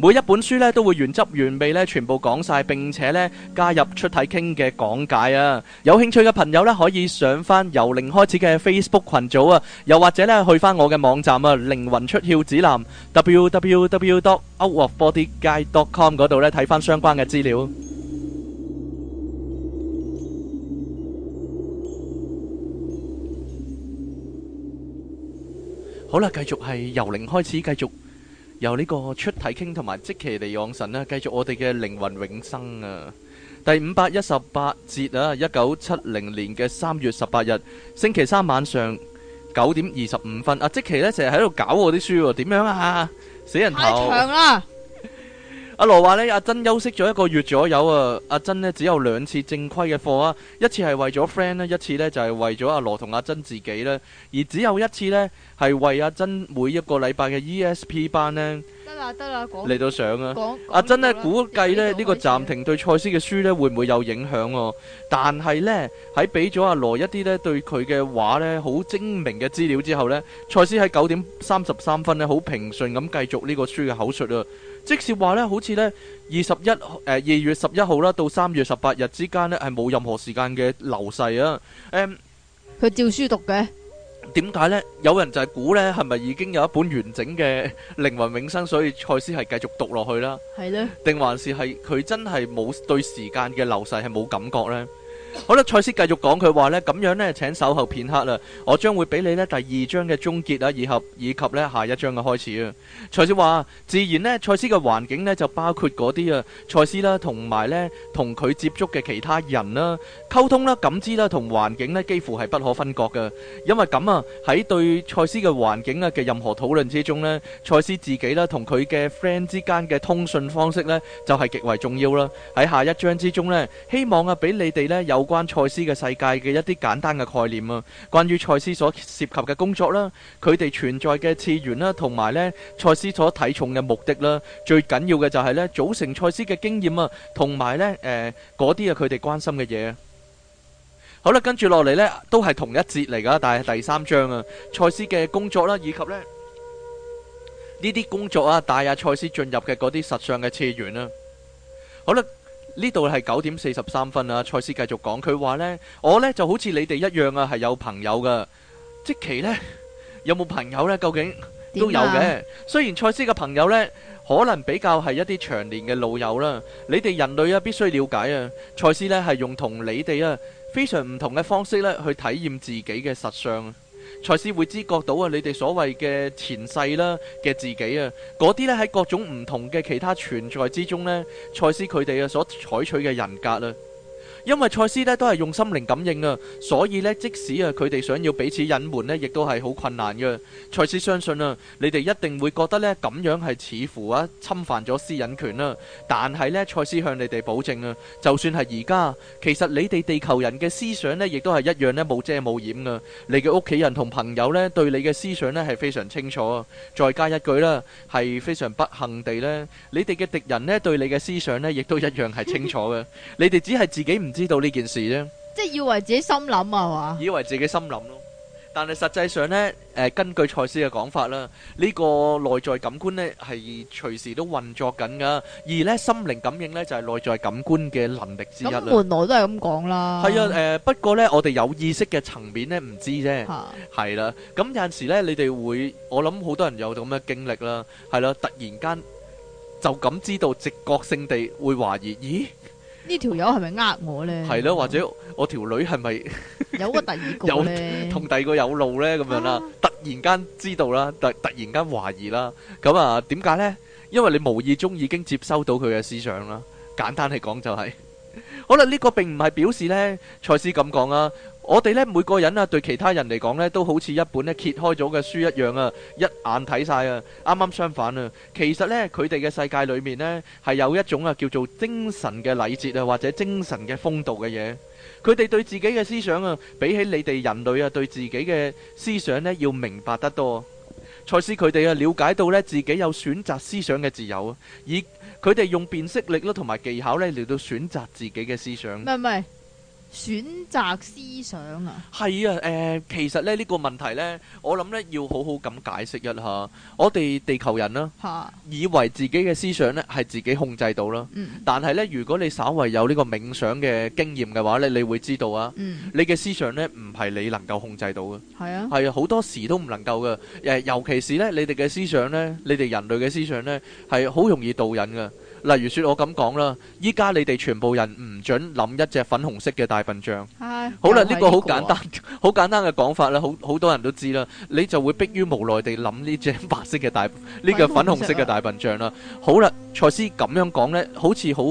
每一本書咧都會原汁原味咧全部講晒，並且咧加入出體傾嘅講解啊！有興趣嘅朋友咧可以上翻由零開始嘅 Facebook 群組啊，又或者咧去翻我嘅網站啊靈魂出竅指南 www.outofbodyguide.com 嗰度咧睇翻相關嘅資料。好啦，繼續係由零開始，繼續。由呢個出體傾同埋即其嚟養神啦，啊，繼續我哋嘅靈魂永生啊！第五百一十八節啊，一九七零年嘅三月十八日星期三晚上九點二十五分啊！即其呢，成日喺度搞我啲書喎，點樣啊？死人頭太長啦～阿羅話咧，阿珍休息咗一個月左右啊。阿珍呢，只有兩次正規嘅課啊，一次係為咗 friend 咧，一次呢就係、是、為咗阿羅同阿珍自己呢。而只有一次呢，係為阿珍每一個禮拜嘅 ESP 班呢。得啦得啦，嚟到上啊。阿珍呢，估計呢，呢、這個暫停對賽斯嘅書呢會唔會有影響哦、啊？但係呢，喺俾咗阿羅一啲呢對佢嘅話呢好精明嘅資料之後呢，賽斯喺九點三十三分呢好平順咁繼續呢個書嘅口述啊。即是話呢，好似呢二十一誒二月十一號啦，到三月十八日之間呢係冇任何時間嘅流逝啊！誒，佢照書讀嘅，點解呢？有人就係估呢，係咪已經有一本完整嘅靈魂永生，所以賽斯係繼續讀落去啦？係呢，定還是係佢真係冇對時間嘅流逝係冇感覺呢？好啦，蔡司繼續講，佢話呢，咁樣呢，請稍候片刻啦，我將會俾你呢，第二章嘅終結啊，以及以及呢下一章嘅開始啊。蔡司話，自然呢，蔡司嘅環境呢，就包括嗰啲啊，蔡司啦，同埋呢，同佢接觸嘅其他人啦，溝通啦、感知啦同環境呢，幾乎係不可分割㗎，因為咁啊喺對蔡司嘅環境啊嘅任何討論之中呢，蔡司自己啦同佢嘅 friend 之間嘅通訊方式呢，就係極為重要啦。喺下一章之中呢，希望啊俾你哋呢。有。有關賽斯嘅世界嘅一啲簡單嘅概念啊，關於賽斯所涉及嘅工作啦，佢哋存在嘅次元啦，同埋咧賽斯所睇重嘅目的啦，最緊要嘅就係咧組成賽斯嘅經驗啊，同埋咧誒嗰啲啊佢哋關心嘅嘢。好啦，跟住落嚟咧都係同一節嚟噶，但係第三章啊，賽斯嘅工作啦，以及咧呢啲工作啊帶啊賽斯進入嘅嗰啲實相嘅次元啊。好啦。呢度係九點四十三分啊。賽斯繼續講，佢話呢，我呢就好似你哋一樣啊，係有朋友㗎，即期呢，有冇朋友呢？究竟都有嘅。雖然賽斯嘅朋友呢，可能比較係一啲長年嘅老友啦，你哋人類啊必須了解啊。賽斯呢，係用同你哋啊非常唔同嘅方式呢，去體驗自己嘅實相。賽斯會知覺到啊，你哋所謂嘅前世啦嘅自己啊，嗰啲呢喺各種唔同嘅其他存在之中呢，賽斯佢哋啊所採取嘅人格啊。因為賽斯呢都係用心靈感應啊，所以呢即使啊佢哋想要彼此隱瞞呢，亦都係好困難嘅。賽斯相信啊，你哋一定會覺得呢咁樣係似乎啊侵犯咗私隱權啦。但係呢，賽斯向你哋保證啊，就算係而家，其實你哋地球人嘅思想呢，亦都係一樣呢冇遮冇掩噶。你嘅屋企人同朋友呢對你嘅思想呢係非常清楚啊。再加一句啦，係非常不幸地呢，你哋嘅敵人呢對你嘅思想呢亦都一樣係清楚嘅。你哋只係自己唔知道呢件事啫，即係以為自己心諗啊，哇！以為自己心諗咯，但係實際上咧，誒，根據賽斯嘅講法啦，呢個內在感官咧係隨時都運作緊噶，而咧心靈感應咧就係內在感官嘅能力之一啦。本來都係咁講啦，係啊，誒，不過咧，我哋有意識嘅層面咧唔知啫，係啦。咁有陣時咧，你哋會，我諗好多人有咁嘅經歷啦，係啦，突然間就咁知道直覺性地會懷疑，咦？呢條友係咪呃我呢？係咯，或者我條女係咪有個第二個有？同 第二個有路呢？咁樣啦，啊。突然間知道啦，突突然間懷疑啦。咁啊，點解呢？因為你無意中已經接收到佢嘅思想啦。簡單嚟講就係、是， 好啦，呢、這個並唔係表示呢，蔡司咁講啦。我哋呢，每個人啊，對其他人嚟講呢，都好似一本呢揭開咗嘅書一樣啊，一眼睇晒啊！啱啱相反啊，其實呢，佢哋嘅世界裏面呢，係有一種啊叫做精神嘅禮節啊，或者精神嘅風度嘅嘢。佢哋對自己嘅思想啊，比起你哋人類啊，對自己嘅思想呢，要明白得多。賽斯佢哋啊，了解到呢，自己有選擇思想嘅自由，以佢哋用辨識力咯，同埋技巧呢，嚟到選擇自己嘅思想。唔係選擇思想啊？係啊，誒，其實咧，呢、呢個問題呢，我諗呢要好好咁解釋一下。我哋地球人啦，啊、以為自己嘅思想呢係自己控制到啦。嗯、但係呢，如果你稍為有呢個冥想嘅經驗嘅話咧，你會知道啊。嗯、你嘅思想呢唔係你能夠控制到嘅。係啊。係啊，好多時都唔能夠嘅。誒，尤其是呢，你哋嘅思想呢，你哋人類嘅思想呢，係好容易導引噶。例如說我咁講啦，依家你哋全部人唔准諗一隻粉紅色嘅大笨象。係唉，好啦，呢、這個好簡單，好簡單嘅講法啦，好好多人都知啦，你就會迫於無奈地諗呢隻白色嘅大，呢、這個粉紅色嘅大笨象啦、啊。好啦，塞斯咁樣講咧，好似好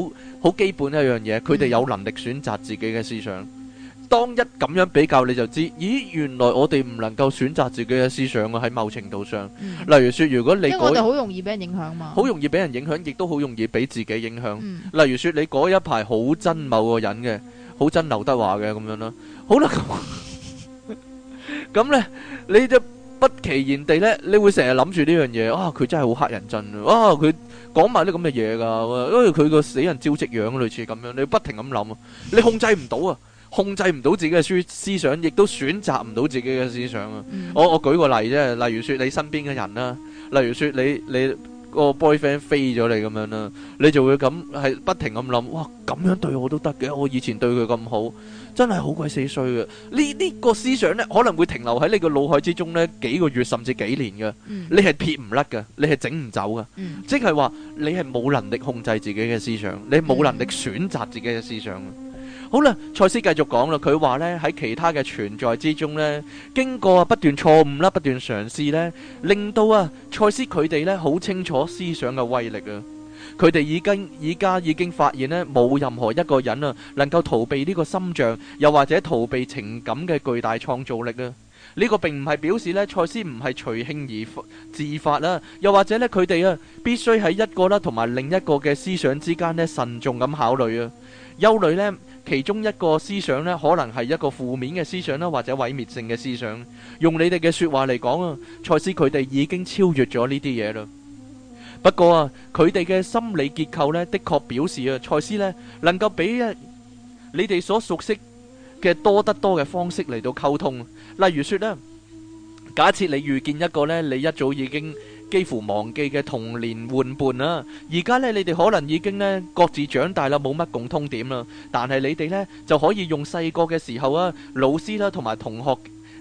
好基本一樣嘢，佢哋有能力選擇自己嘅思想。嗯當一咁樣比較，你就知，咦，原來我哋唔能夠選擇自己嘅思想啊！喺某程度上，例如說，如果你我哋好容易俾人影響嘛，好容易俾人影響，亦都好容易俾自己影響。例如說，你嗰一排好憎某個人嘅，好憎劉德華嘅咁樣啦，好啦，咁咧你就不期然地咧，你會成日諗住呢樣嘢啊！佢真係好黑人憎啊！佢講埋啲咁嘅嘢噶，因為佢個死人照直樣，類似咁樣，你不停咁諗啊，你控制唔到啊！控制唔到自己嘅思思想，亦都選擇唔到自己嘅思想啊！Mm hmm. 我我舉個例啫，例如說你身邊嘅人啦、啊，例如說你你個 boyfriend 飛咗你咁樣啦、啊，你就會咁係不停咁諗，哇咁樣對我都得嘅，我以前對佢咁好，真係好鬼死衰嘅。呢呢、這個思想咧，可能會停留喺你個腦海之中咧，幾個月甚至幾年嘅、mm hmm.，你係撇唔甩嘅，你係整唔走嘅，即係話你係冇能力控制自己嘅思想，你冇能力選擇自己嘅思想。Mm hmm. 好啦，賽斯繼續講啦。佢話呢，喺其他嘅存在之中呢，經過不斷錯誤啦，不斷嘗試呢，令到啊賽斯佢哋呢好清楚思想嘅威力啊。佢哋已經而家已經發現呢，冇任何一個人啊能夠逃避呢個心象，又或者逃避情感嘅巨大創造力啊。呢、這個並唔係表示呢，賽斯唔係隨興而自發啦，又或者呢，佢哋啊必須喺一個啦同埋另一個嘅思想之間呢慎重咁考慮啊，憂慮呢。其中一個思想呢，可能係一個負面嘅思想啦，或者毀滅性嘅思想。用你哋嘅說話嚟講啊，賽斯佢哋已經超越咗呢啲嘢啦。不過啊，佢哋嘅心理結構呢，的確表示啊，賽斯呢能夠俾一你哋所熟悉嘅多得多嘅方式嚟到溝通。例如說呢，假設你遇見一個呢，你一早已經。幾乎忘記嘅童年玩伴啊。而家呢，你哋可能已經呢各自長大啦，冇乜共通點啦。但係你哋呢，就可以用細個嘅時候啊，老師啦同埋同學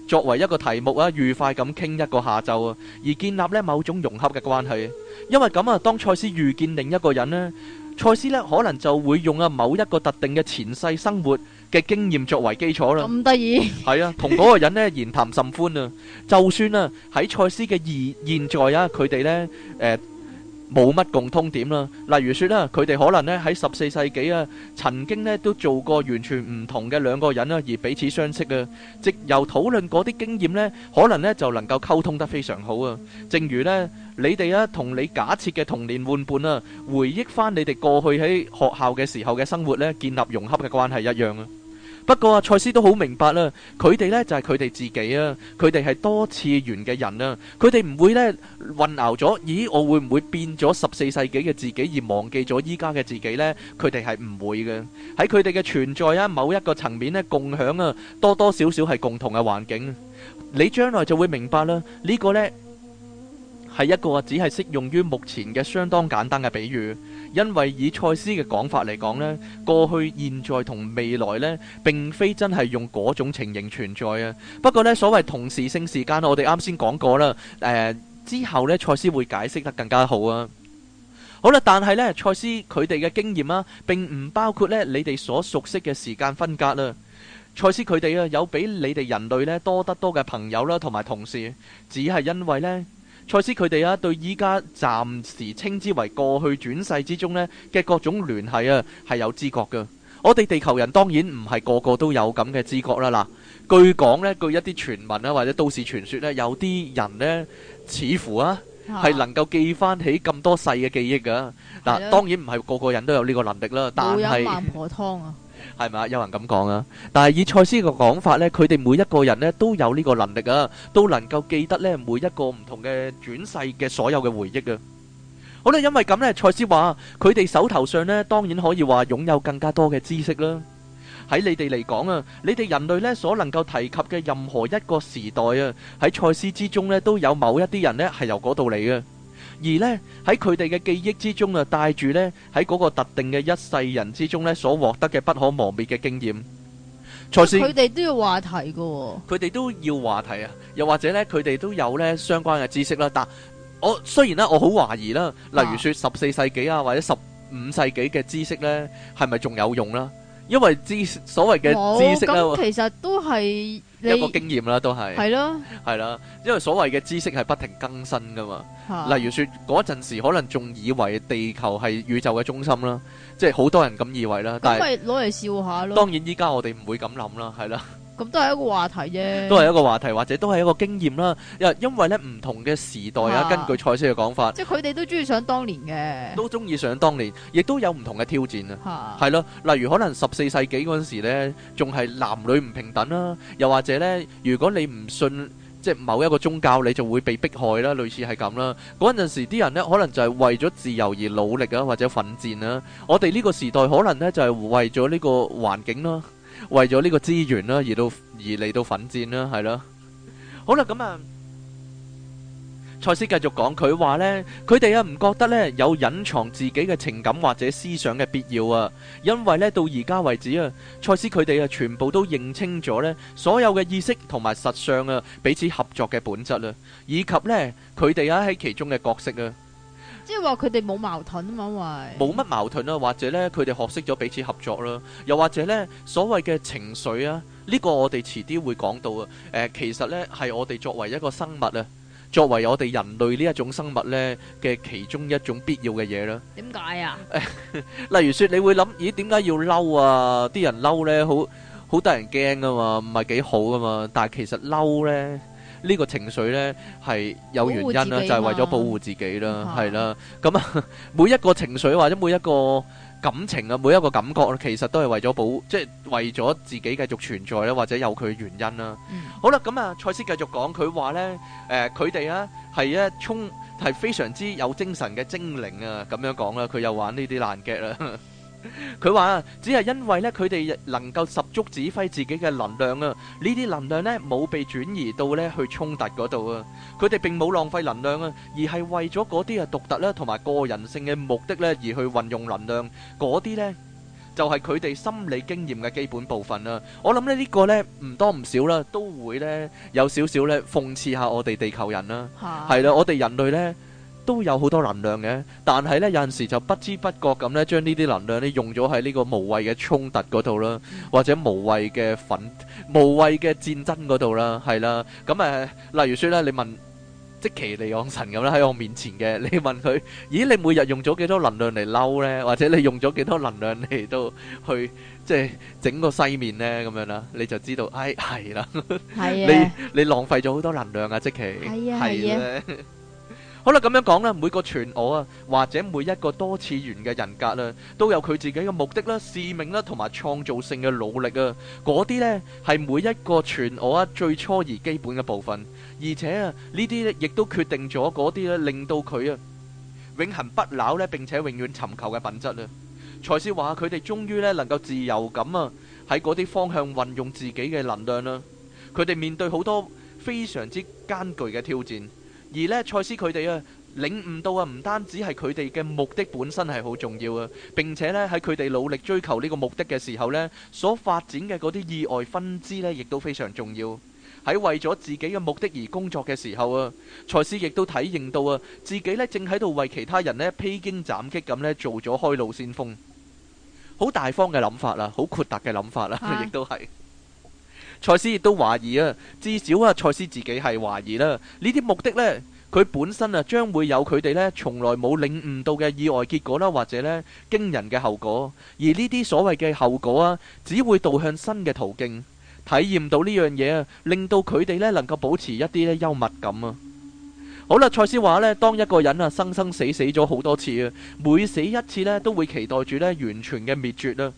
作為一個題目啊，愉快咁傾一個下晝啊，而建立呢某種融合嘅關係。因為咁啊，當賽斯遇見另一個人呢，賽斯呢可能就會用啊某一個特定嘅前世生活嘅經驗作為基礎啦，咁得意，係 啊，同嗰個人呢言談甚歡啊，就算啊喺賽斯嘅現現在啊，佢哋呢。誒、呃。冇乜共通點啦，例如說啦，佢哋可能咧喺十四世紀啊，曾經咧都做過完全唔同嘅兩個人啦，而彼此相識嘅，藉由討論嗰啲經驗咧，可能咧就能夠溝通得非常好啊。正如咧，你哋啊同你假設嘅童年玩伴啦，回憶翻你哋過去喺學校嘅時候嘅生活咧，建立融洽嘅關係一樣啊。不過啊，賽斯都好明白啦，佢哋呢就係佢哋自己啊，佢哋係多次元嘅人啊，佢哋唔會呢混淆咗。咦，我會唔會變咗十四世紀嘅自己而忘記咗依家嘅自己呢？佢哋係唔會嘅。喺佢哋嘅存在啊，某一個層面呢共享啊，多多少少係共同嘅環境。你將來就會明白啦。呢個呢係一個只係適用於目前嘅相當簡單嘅比喻。因為以賽斯嘅講法嚟講咧，過去、現在同未來咧，並非真係用嗰種情形存在啊。不過咧，所謂同時性時間，我哋啱先講過啦。誒，之後咧，賽斯會解釋得更加好啊。好啦，但係咧，賽斯佢哋嘅經驗啊，並唔包括咧你哋所熟悉嘅時間分隔啦。賽斯佢哋啊，有比你哋人類咧多得多嘅朋友啦，同埋同事，只係因為咧。賽斯佢哋啊，對依家暫時稱之為過去轉世之中咧嘅各種聯繫啊，係有知覺嘅。我哋地球人當然唔係個個都有咁嘅知覺啦。嗱，據講呢，據一啲傳聞啊，或者都市傳說呢，有啲人呢，似乎啊，係能夠記翻起咁多世嘅記憶噶，嗱，當然唔係個個人都有呢個能力啦。但係，有孟婆湯啊，係咪啊？有人咁講啊？但係以賽斯嘅講法咧，佢哋每一個人咧都有呢個能力啊，都能夠記得咧每一個唔同嘅轉世嘅所有嘅回憶啊。好啦，因為咁咧，賽斯話佢哋手頭上咧，當然可以話擁有更加多嘅知識啦。喺你哋嚟講啊，你哋人類呢所能夠提及嘅任何一個時代啊，喺賽斯之中呢都有某一啲人呢係由嗰度嚟嘅，而呢，喺佢哋嘅記憶之中啊，帶住呢喺嗰個特定嘅一世人之中呢所獲得嘅不可磨滅嘅經驗。賽斯，佢哋都要話題㗎喎，佢哋都要話題啊，又或者呢，佢哋都有呢相關嘅知識啦。但我，我雖然呢，我好懷疑啦，例如說十四世紀啊或者十五世紀嘅知識呢，係咪仲有用啦？因為知所謂嘅知識、哦、其實都係一個經驗啦，都係係咯，係啦的，因為所謂嘅知識係不停更新噶嘛。的例如說嗰陣時可能仲以為地球係宇宙嘅中心啦，即係好多人咁以為啦。但係攞嚟笑下咯。當然依家我哋唔會咁諗啦，係啦。咁都係一個話題啫，都係一個話題，或者都係一個經驗啦。又因為咧唔同嘅時代啊，根據賽斯嘅講法，即係佢哋都中意想當年嘅，都中意想當年，亦都有唔同嘅挑戰啊。係咯，例如可能十四世紀嗰陣時咧，仲係男女唔平等啦，又或者咧，如果你唔信即係某一個宗教，你就會被迫害啦，類似係咁啦。嗰陣時啲人咧，可能就係為咗自由而努力啊，或者奮戰啦。我哋呢個時代可能咧就係為咗呢個環境啦。為咗呢個資源啦，而到而嚟到奮戰啦，係咯，好啦，咁啊，賽斯繼續講，佢話呢，佢哋啊唔覺得呢有隱藏自己嘅情感或者思想嘅必要啊，因為呢到而家為止啊，賽斯佢哋啊全部都認清咗呢所有嘅意識同埋實相啊彼此合作嘅本質啦、啊，以及呢佢哋啊喺其中嘅角色啊。即係話佢哋冇矛盾啊嘛，因為冇乜矛盾啦，或者呢佢哋學識咗彼此合作啦，又或者呢所謂嘅情緒啊，呢個我哋遲啲會講到誒，其實呢係我哋作為一個生物啊，作為我哋人類呢一種生物呢嘅其中一種必要嘅嘢啦。點解啊？例如說你會諗，咦？點解要嬲啊？啲人嬲呢，好好得人驚噶嘛，唔係幾好噶嘛。但係其實嬲呢。呢個情緒呢係有原因啦、啊，就係為咗保護自己啦，係、啊、是啦。咁啊，每一個情緒或者每一個感情啊，每一個感覺，其實都係為咗保，即係為咗自己繼續存在啦、啊，或者有佢原因啦、啊。嗯、好啦，咁、嗯呃、啊，賽斯繼續講，佢話呢，誒，佢哋啊係一沖係非常之有精神嘅精靈啊，咁樣講啦，佢又玩呢啲爛劇啦。 佢話啊，只係因為咧，佢哋能夠十足指揮自己嘅能量啊，呢啲能量咧冇被轉移到咧去衝突嗰度啊，佢哋並冇浪費能量啊，而係為咗嗰啲啊獨特咧同埋個人性嘅目的咧而去運用能量，嗰啲咧就係佢哋心理經驗嘅基本部分啦。我諗咧呢個咧唔多唔少啦，都會咧有少少咧諷刺下我哋地球人啦，係啦，我哋人類咧。都有好多能量嘅，但係呢，有陣時就不知不覺咁呢，將呢啲能量呢用咗喺呢個無謂嘅衝突嗰度啦，嗯、或者無謂嘅憤、無謂嘅戰爭嗰度啦，係啦。咁誒、呃，例如說咧，你問即其利往神咁啦喺我面前嘅，你問佢：咦，你每日用咗幾多能量嚟嬲呢？或者你用咗幾多能量嚟到去即係整個西面呢？」咁樣啦，你就知道，哎，係啦的， 你你浪費咗好多能量啊！即其係啊，係啊的。的好啦，咁樣講啦，每個全我啊，或者每一個多次元嘅人格啦，都有佢自己嘅目的啦、使命啦，同埋創造性嘅努力啊，嗰啲咧係每一個全我啊最初而基本嘅部分，而且啊呢啲咧亦都決定咗嗰啲咧令到佢啊永恒不朽咧，並且永遠尋求嘅品質啦。賽斯話佢哋終於咧能夠自由咁啊喺嗰啲方向運用自己嘅能量啦，佢哋面對好多非常之艱巨嘅挑戰。而咧，賽斯佢哋啊，領悟到啊，唔單止係佢哋嘅目的本身係好重要啊，並且咧喺佢哋努力追求呢個目的嘅時候咧，所發展嘅嗰啲意外分支咧，亦都非常重要。喺為咗自己嘅目的而工作嘅時候啊，賽斯亦都體認到啊，自己咧正喺度為其他人咧披荊斬棘咁咧做咗開路先鋒，好大方嘅諗法啦，好豁達嘅諗法啦，亦都係。賽斯亦都懷疑啊，至少啊，賽斯自己係懷疑啦。呢啲目的呢，佢本身啊，將會有佢哋呢，從來冇領悟到嘅意外結果啦，或者呢驚人嘅後果。而呢啲所謂嘅後果啊，只會導向新嘅途徑，體驗到呢樣嘢啊，令到佢哋呢能夠保持一啲呢幽默感啊。好啦，賽斯話呢，當一個人啊生生死死咗好多次啊，每死一次呢，都會期待住呢完全嘅滅絕啊。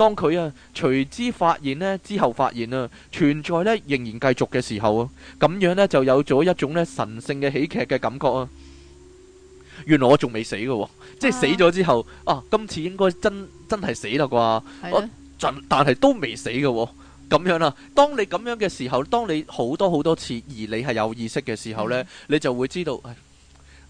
當佢啊隨之發現呢，之後發現啊存在呢，仍然繼續嘅時候啊，咁樣呢，就有咗一種呢，神聖嘅喜劇嘅感覺啊！原來我仲未死㗎、啊，即係死咗之後啊，啊，今次應該真真係死啦啩？我的、啊、但係都未死㗎、啊，咁樣啦、啊。當你咁樣嘅時候，當你好多好多次而你係有意識嘅時候呢，嗯、你就會知道。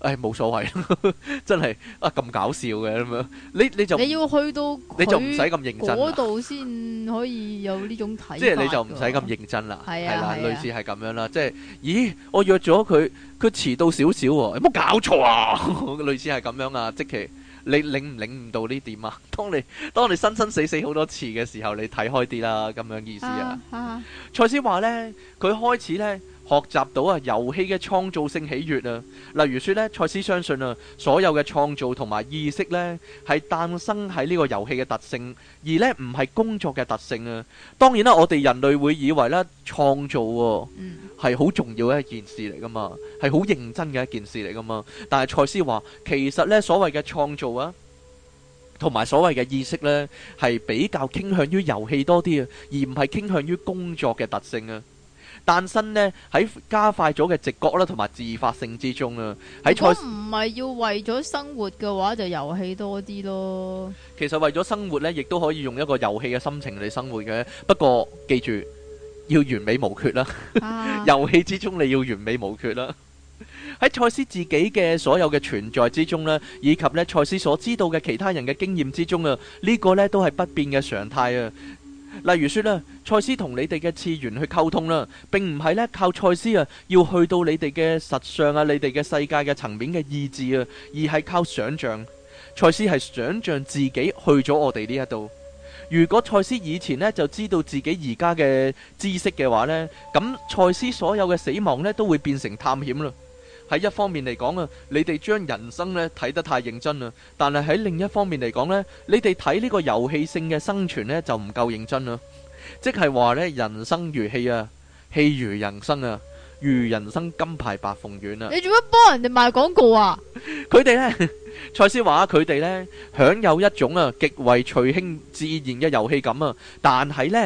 誒，冇所謂， 真係啊咁搞笑嘅咁樣，你你就你要去到你就唔使咁認真啦，度先可以有呢種睇。即係你就唔使咁認真啦，係啦，類似係咁樣啦。啊、即係，咦，我約咗佢，佢遲到少少，有冇搞錯啊？ 類似係咁樣啊？即係你領唔領唔到呢點啊？當你當你生生死死好多次嘅時候，你睇開啲啦，咁樣意思啊？啊啊 蔡思話咧，佢開始咧。學習到啊，遊戲嘅創造性喜悦啊，例如說咧，賽斯相信啊，所有嘅創造同埋意識咧，係誕生喺呢個遊戲嘅特性，而咧唔係工作嘅特性啊。當然啦，我哋人類會以為咧創造係好重要嘅一件事嚟噶嘛，係好認真嘅一件事嚟噶嘛。但係賽斯話，其實咧所謂嘅創造啊，同埋所謂嘅意識咧，係比較傾向於遊戲多啲啊，而唔係傾向於工作嘅特性啊。誕生呢，喺加快咗嘅直覺啦，同埋自發性之中啊！喺賽如果唔係要為咗生活嘅話，就遊戲多啲咯。其實為咗生活呢，亦都可以用一個遊戲嘅心情嚟生活嘅。不過記住要完美無缺啦！ 啊、遊戲之中你要完美無缺啦。喺 賽斯自己嘅所有嘅存在之中呢，以及呢賽斯所知道嘅其他人嘅經驗之中啊，呢、這個呢，都係不變嘅常態啊。例如說啦，賽斯同你哋嘅次元去溝通啦，並唔係咧靠賽斯啊，要去到你哋嘅實相啊，你哋嘅世界嘅層面嘅意志啊，而係靠想象。賽斯係想象自己去咗我哋呢一度。如果賽斯以前咧就知道自己而家嘅知識嘅話呢，咁賽斯所有嘅死亡咧都會變成探險啦。喺一方面嚟講啊，你哋將人生呢睇得太認真啦。但係喺另一方面嚟講呢，你哋睇呢個遊戲性嘅生存呢，就唔夠認真啦。即係話呢，人生如戲啊，戲如人生啊。如人生金牌白鳳丸啊，你做乜幫人哋賣廣告啊？佢 哋呢，賽斯話佢哋呢，享有一種啊極為隨興自然嘅遊戲感啊，但係呢，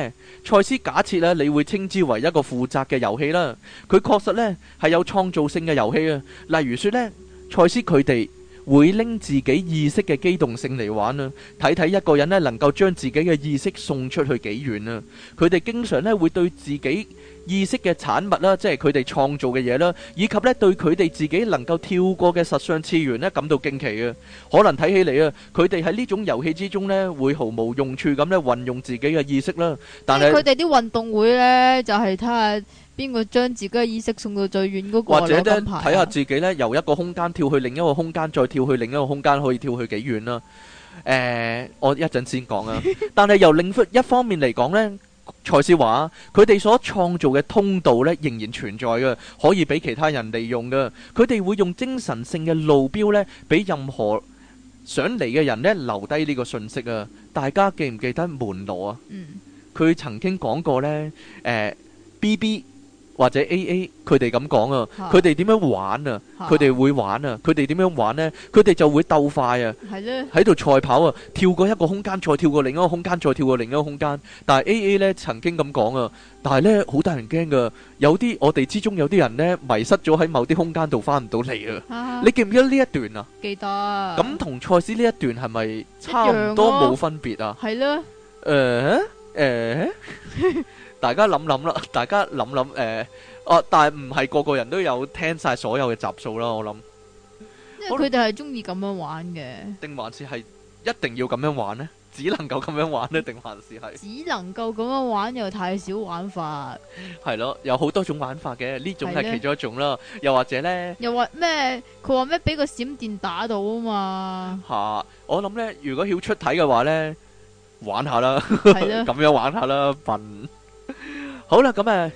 賽斯假設呢，你會稱之為一個負責嘅遊戲啦，佢確實呢，係有創造性嘅遊戲啊，例如說呢，賽斯佢哋。會拎自己意識嘅機動性嚟玩啊，睇睇一個人呢，能夠將自己嘅意識送出去幾遠啊！佢哋經常呢，會對自己意識嘅產物啦，即係佢哋創造嘅嘢啦，以及呢，對佢哋自己能夠跳過嘅實相次元呢，感到驚奇啊。可能睇起嚟啊，佢哋喺呢種遊戲之中呢，會毫無用處咁呢，運用自己嘅意識啦。但係佢哋啲運動會呢，就係睇下。邊個將自己嘅意識送到最遠嗰個攞金牌啊？或者睇下自己咧，由一個空間跳去另一個空間，再跳去另一個空間，可以跳去幾遠啦？誒、呃，我一陣先講啊。 但係由另一一方面嚟講呢，蔡思華佢哋所創造嘅通道呢，仍然存在嘅，可以俾其他人利用嘅。佢哋會用精神性嘅路標呢，俾任何想嚟嘅人呢，留低呢個信息啊！大家記唔記得門羅啊？佢、嗯、曾經講過呢，誒，B B。呃 BB 或者 A A 佢哋咁講啊，佢哋點樣玩啊？佢哋會玩啊！佢哋點樣玩呢？佢哋就會鬥快啊！喺度賽跑啊，跳過一個空間，再跳過另一個空間，再跳過另一個空間。但係 A A 呢曾經咁講啊，但係呢好得人驚噶，有啲我哋之中有啲人呢迷失咗喺某啲空間度翻唔到嚟啊！你記唔記得呢一段啊？記得。咁同賽斯呢一段係咪差唔多冇分別啊？係囉。誒誒。大家諗諗啦，大家諗諗誒，哦，但係唔係個個人都有聽晒所有嘅集數啦，我諗。因為佢哋係中意咁樣玩嘅。定還是係一定要咁樣玩咧？只能夠咁樣玩咧？定還是係？只能夠咁樣玩又太少玩法。係咯，有好多種玩法嘅，呢種係其中一種啦。又或者咧？又話咩？佢話咩？俾個閃電打到啊嘛！吓，我諗咧，如果要出體嘅話咧，玩下啦，咁樣玩下啦，笨。好啦，咁啊，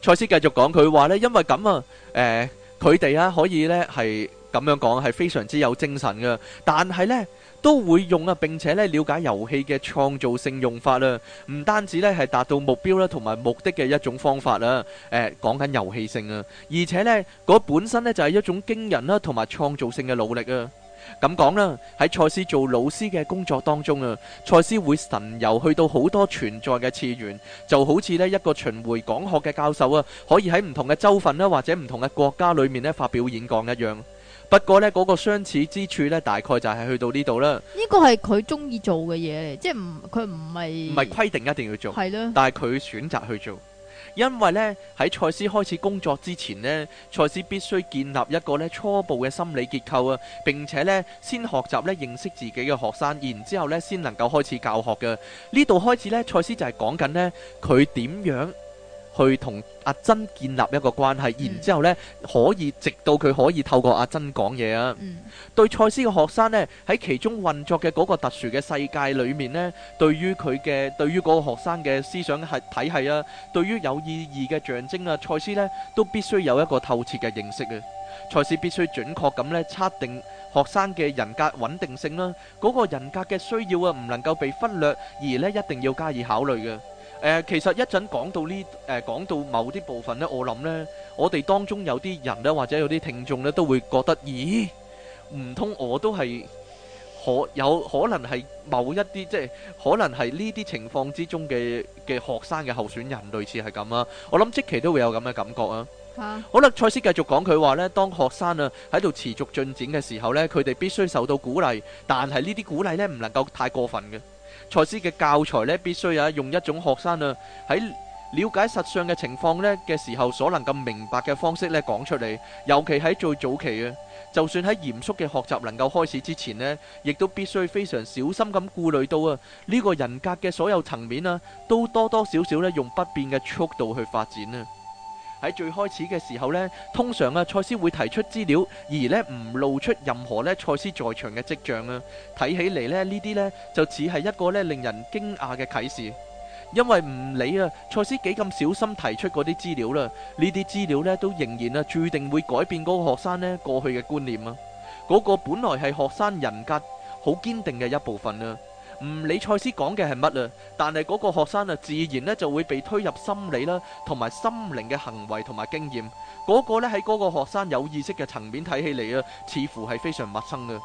賽斯繼續講，佢話咧，因為咁啊，誒，佢哋啊可以咧係咁樣講，係非常之有精神噶，但係咧都會用啊，並且咧了解遊戲嘅創造性用法啦，唔單止咧係達到目標啦，同埋目的嘅一種方法啦，誒，講緊遊戲性啊，而且咧嗰本身咧就係一種驚人啦，同埋創造性嘅努力啊。咁講啦，喺賽斯做老師嘅工作當中啊，賽斯會神遊去到好多存在嘅次元，就好似呢一個巡迴講學嘅教授啊，可以喺唔同嘅州份啦、啊，或者唔同嘅國家裏面咧發表演講一樣。不過呢嗰、那個相似之處呢，大概就係去到呢度啦。呢個係佢鍾意做嘅嘢，即係唔佢唔係唔係規定一定要做，的但係佢選擇去做。因為咧喺賽斯開始工作之前咧，賽斯必須建立一個咧初步嘅心理結構啊，並且咧先學習咧認識自己嘅學生，然之後咧先能夠開始教學嘅。呢度開始咧，賽斯就係講緊咧佢點樣。去同阿珍建立一個關係，然之後呢，可以直到佢可以透過阿珍講嘢啊。嗯、對賽斯嘅學生呢，喺其中運作嘅嗰個特殊嘅世界裏面呢，對於佢嘅對於嗰個學生嘅思想系體系啊，對於有意義嘅象徵啊，賽斯呢都必須有一個透徹嘅認識嘅。賽斯必須準確咁呢測定學生嘅人格穩定性啦、啊，嗰、那個人格嘅需要啊，唔能夠被忽略，而呢一定要加以考慮嘅。誒，其實一陣講到呢，誒講到某啲部分咧，我諗咧，我哋當中有啲人咧，或者有啲聽眾咧，都會覺得，咦，唔通，我都係可有可能係某一啲，即係可能係呢啲情況之中嘅嘅學生嘅候選人，類似係咁啊。我諗即期都會有咁嘅感覺啊。好啦，賽斯繼續講，佢話咧，當學生啊喺度持續進展嘅時候咧，佢哋必須受到鼓勵，但係呢啲鼓勵咧唔能夠太過分嘅。賽斯嘅教材咧，必須啊用一種學生啊喺了解實相嘅情況咧嘅時候所能夠明白嘅方式咧講出嚟。尤其喺最早期啊，就算喺嚴肅嘅學習能夠開始之前咧，亦都必須非常小心咁顧慮到啊呢個人格嘅所有層面啊，都多多少少咧用不變嘅速度去發展啊。喺最開始嘅時候呢，通常啊，賽斯會提出資料，而呢唔露出任何呢賽斯在場嘅跡象啊。睇起嚟呢，呢啲呢就似係一個呢令人驚訝嘅啟示，因為唔理啊，賽斯幾咁小心提出嗰啲資料啦，呢啲資料呢都仍然啊注定會改變嗰個學生呢過去嘅觀念啊，嗰、嗰個本來係學生人格好堅定嘅一部分啊。唔理賽斯講嘅係乜啊，但係嗰個學生啊，自然咧就會被推入心理啦，同埋心靈嘅行為同埋經驗。嗰個咧喺嗰個學生有意識嘅層面睇起嚟啊，似乎係非常陌生嘅。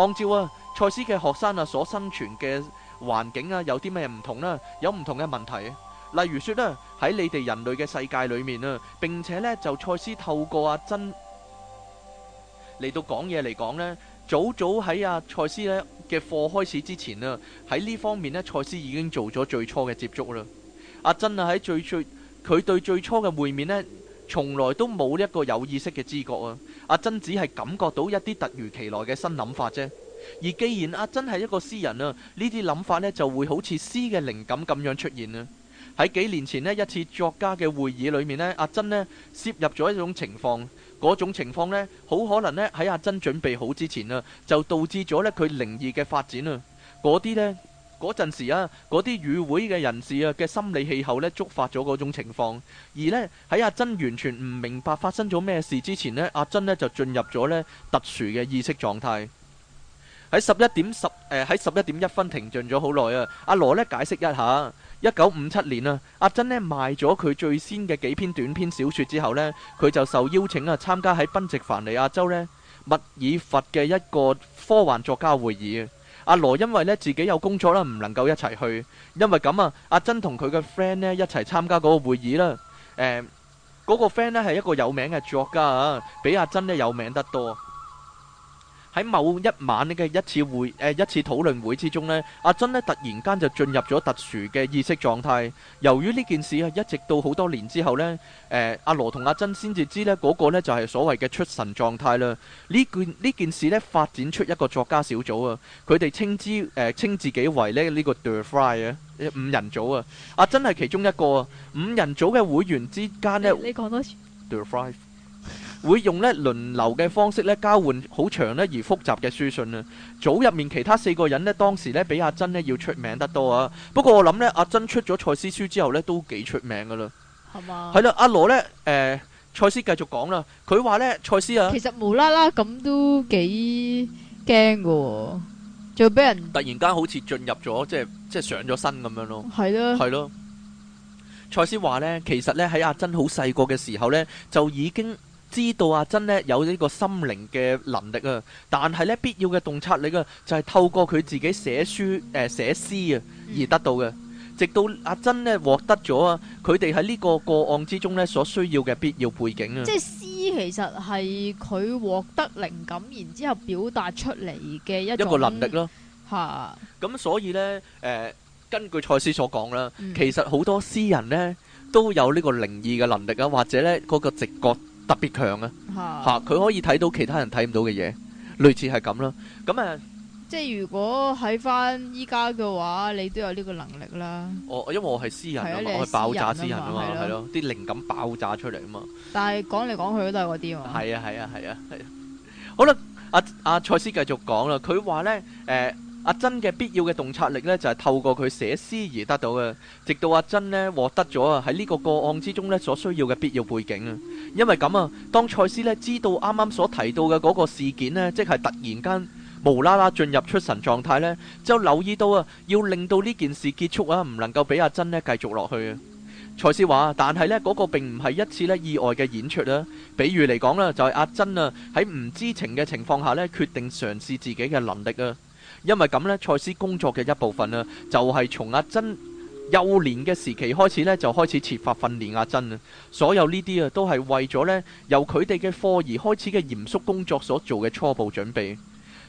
按照啊，賽斯嘅學生啊所生存嘅環境啊，有啲咩唔同啦？有唔同嘅問題啊，例如說咧喺你哋人類嘅世界裏面啊，並且咧就賽斯透過阿珍嚟到講嘢嚟講咧。早早喺阿賽斯咧嘅課開始之前啦，喺呢方面咧，賽斯已經做咗最初嘅接觸啦。阿珍啊，喺最最佢對最初嘅會面咧，從來都冇一個有意識嘅知覺啊。阿珍只係感覺到一啲突如其來嘅新諗法啫。而既然阿珍係一個詩人啊，呢啲諗法咧就會好似詩嘅靈感咁樣出現啦。喺幾年前咧一次作家嘅會議裏面咧，阿珍咧涉入咗一種情況。嗰種情況呢，好可能呢，喺阿珍準備好之前啊，就導致咗呢佢靈異嘅發展啊！嗰啲呢，嗰陣時啊，嗰啲與會嘅人士啊嘅心理氣候呢，觸發咗嗰種情況，而呢，喺阿珍完全唔明白發生咗咩事之前呢，阿珍呢就進入咗呢特殊嘅意識狀態。喺十一點十，誒，喺十一點一分停頓咗好耐啊！阿羅咧解釋一下，一九五七年啦，阿珍咧賣咗佢最先嘅幾篇短篇小說之後咧，佢就受邀請啊參加喺賓夕凡尼亞州咧密爾佛嘅一個科幻作家會議啊！阿羅因為咧自己有工作啦，唔能夠一齊去，因為咁啊，阿珍同佢嘅 friend 咧一齊參加嗰個會議啦。誒，嗰個 friend 咧係一個有名嘅作家啊，比阿珍咧有名得多。喺某一晚嘅一次會，誒一次討論會之中咧，阿珍咧突然間就進入咗特殊嘅意識狀態。由於呢件事啊，一直到好多年之後咧，誒阿羅同阿珍先至知咧嗰個咧就係所謂嘅出神狀態啦。呢件呢件事咧發展出一個作家小組啊，佢哋稱之誒稱自己為咧呢個 The Fry 啊，五人組啊，阿珍係其中一個啊。五人組嘅會員之間咧，你講多次 The Fry。會用咧輪流嘅方式咧交換好長咧而複雜嘅書信啦。組入面其他四個人咧當時咧比阿珍咧要出名得多啊。不過我諗咧阿珍出咗賽斯書之後咧都幾出名噶啦。係嘛？係啦，阿羅呢？誒、呃，賽斯繼續講啦。佢話呢，賽斯啊，其實無啦啦咁都幾驚噶、哦，就俾人突然間好似進入咗即係即係上咗身咁樣咯。係啦，係咯。賽斯話呢，其實呢，喺阿珍好細個嘅時候呢，就已經。知道阿珍呢有呢個心靈嘅能力啊，但係呢必要嘅洞察力啊，就係、是、透過佢自己寫書誒寫詩啊而得到嘅。嗯、直到阿珍呢獲得咗啊，佢哋喺呢個個案之中呢所需要嘅必要背景啊。即係詩其實係佢獲得靈感，然後，之後表達出嚟嘅一一個能力咯。吓，咁所以呢，誒、呃，根據賽斯所講啦，其實好多詩人呢都有呢個靈異嘅能力啊，或者呢嗰、那個直覺。特別強啊，吓佢、啊啊、可以睇到其他人睇唔到嘅嘢，類似係咁啦。咁啊，啊即係如果喺翻依家嘅話，你都有呢個能力啦。我、哦、因為我係詩人啊，人嘛我係爆炸詩人啊嘛，係咯了，啲靈了感爆炸出嚟啊嘛。但係講嚟講去都係嗰啲啊。係啊係啊係啊係、啊啊。好啦、啊，阿阿賽斯繼續講啦，佢話咧誒。呃阿珍嘅必要嘅洞察力呢，就係透過佢寫詩而得到嘅。直到阿珍呢，獲得咗啊，喺呢個個案之中咧所需要嘅必要背景啊。因為咁啊，當賽斯呢知道啱啱所提到嘅嗰個事件呢，即係突然間無啦啦進入出神狀態呢，就留意到啊，要令到呢件事結束啊，唔能夠俾阿珍呢繼續落去啊。賽斯話，但係呢嗰個並唔係一次呢意外嘅演出啊。比如嚟講咧，就係阿珍啊喺唔知情嘅情況下呢，決定嘗試自己嘅能力啊。因為咁呢，賽斯工作嘅一部分啦，就係、是、從阿珍幼年嘅時期開始呢，就開始設法訓練阿珍啊。所有呢啲啊，都係為咗呢由佢哋嘅課而開始嘅嚴肅工作所做嘅初步準備。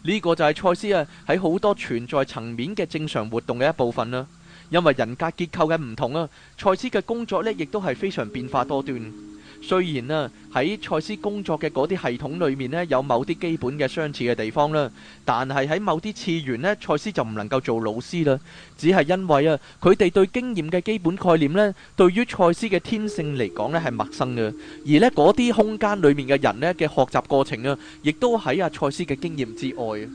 呢、這個就係賽斯啊喺好多存在層面嘅正常活動嘅一部分啦。因為人格結構嘅唔同啊，賽斯嘅工作呢，亦都係非常變化多端。雖然咧喺賽斯工作嘅嗰啲系統裏面咧有某啲基本嘅相似嘅地方啦，但係喺某啲次元咧，賽斯就唔能夠做老師啦，只係因為啊佢哋對經驗嘅基本概念咧，對於賽斯嘅天性嚟講咧係陌生嘅，而呢嗰啲空間裏面嘅人咧嘅學習過程啊，亦都喺啊賽斯嘅經驗之外。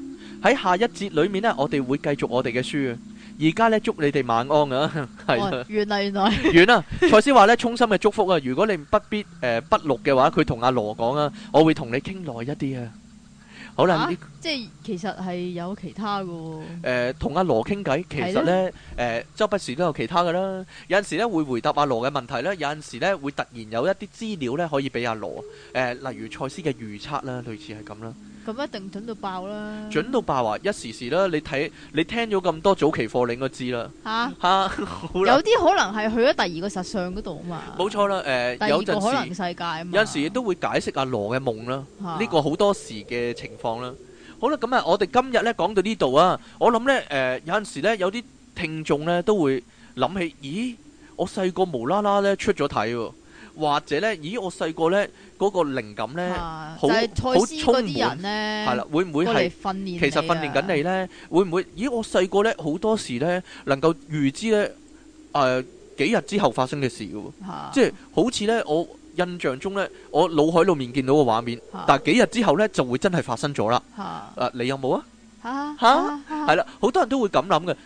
喺下一節裏面咧，我哋會繼續我哋嘅書。而家咧祝你哋晚安啊，係 啊，原嚟原來遠啦、 啊。賽斯話咧衷心嘅祝福啊，如果你不必誒、呃、不錄嘅話，佢同阿羅講啊，我會同你傾耐一啲啊。好啦，即係其實係有其他噶。誒，同阿羅傾偈，其實咧，誒，周不時都有其他噶啦。有陣時咧會回答阿羅嘅問題咧，有陣時咧會突然有一啲資料咧可以俾阿羅。誒，例如賽斯嘅預測啦，類似係咁啦。咁一定準到爆啦！準到爆啊，一時時啦，你睇你聽咗咁多早期課，你應該知啦。吓吓，有啲可能係去咗第二個實相嗰度啊嘛。冇錯啦，誒，可能世界啊嘛，有陣時有陣時亦都會解釋阿羅嘅夢啦。呢個好多時嘅情況。講啦，好啦，咁啊，我哋今日咧講到呢度啊，我諗咧，誒，有陣時咧，有啲聽眾咧都會諗起，咦，我細個無啦啦咧出咗體，或者咧，咦，我細個咧嗰個靈感咧好好充滿，嗰啲人咧係啦，會唔會係訓練？其實訓練緊你咧，會唔會？咦，我細個咧好多時咧能夠預知咧誒幾日之後發生嘅事噶，即係好似咧我。印象中咧，我腦海裏面見到嘅畫面，但係幾日之後咧，就會真係發生咗啦。誒，你有冇啊？吓吓，係啦，好多人都會咁諗嘅。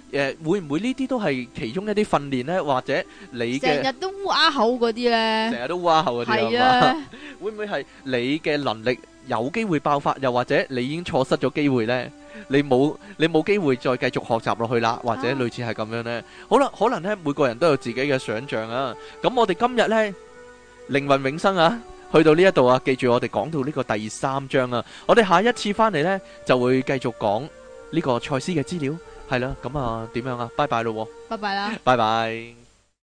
誒，會唔會呢啲都係其中一啲訓練咧，或者你嘅成日都烏鴉口嗰啲咧，成日都烏鴉口嗰啲係嘛？會唔會係你嘅能力有機會爆發，又或者你已經錯失咗機會咧？你冇你冇機會再繼續學習落去啦，或者類似係咁樣咧？好啦，可能咧每個人都有自己嘅想象啊。咁我哋今日咧。靈魂永生啊！去到呢一度啊，記住我哋講到呢個第三章啊，我哋下一次翻嚟呢，就會繼續講呢個賽斯嘅資料，係啦、啊，咁、嗯、啊點樣啊？拜拜咯，拜拜啦，拜拜。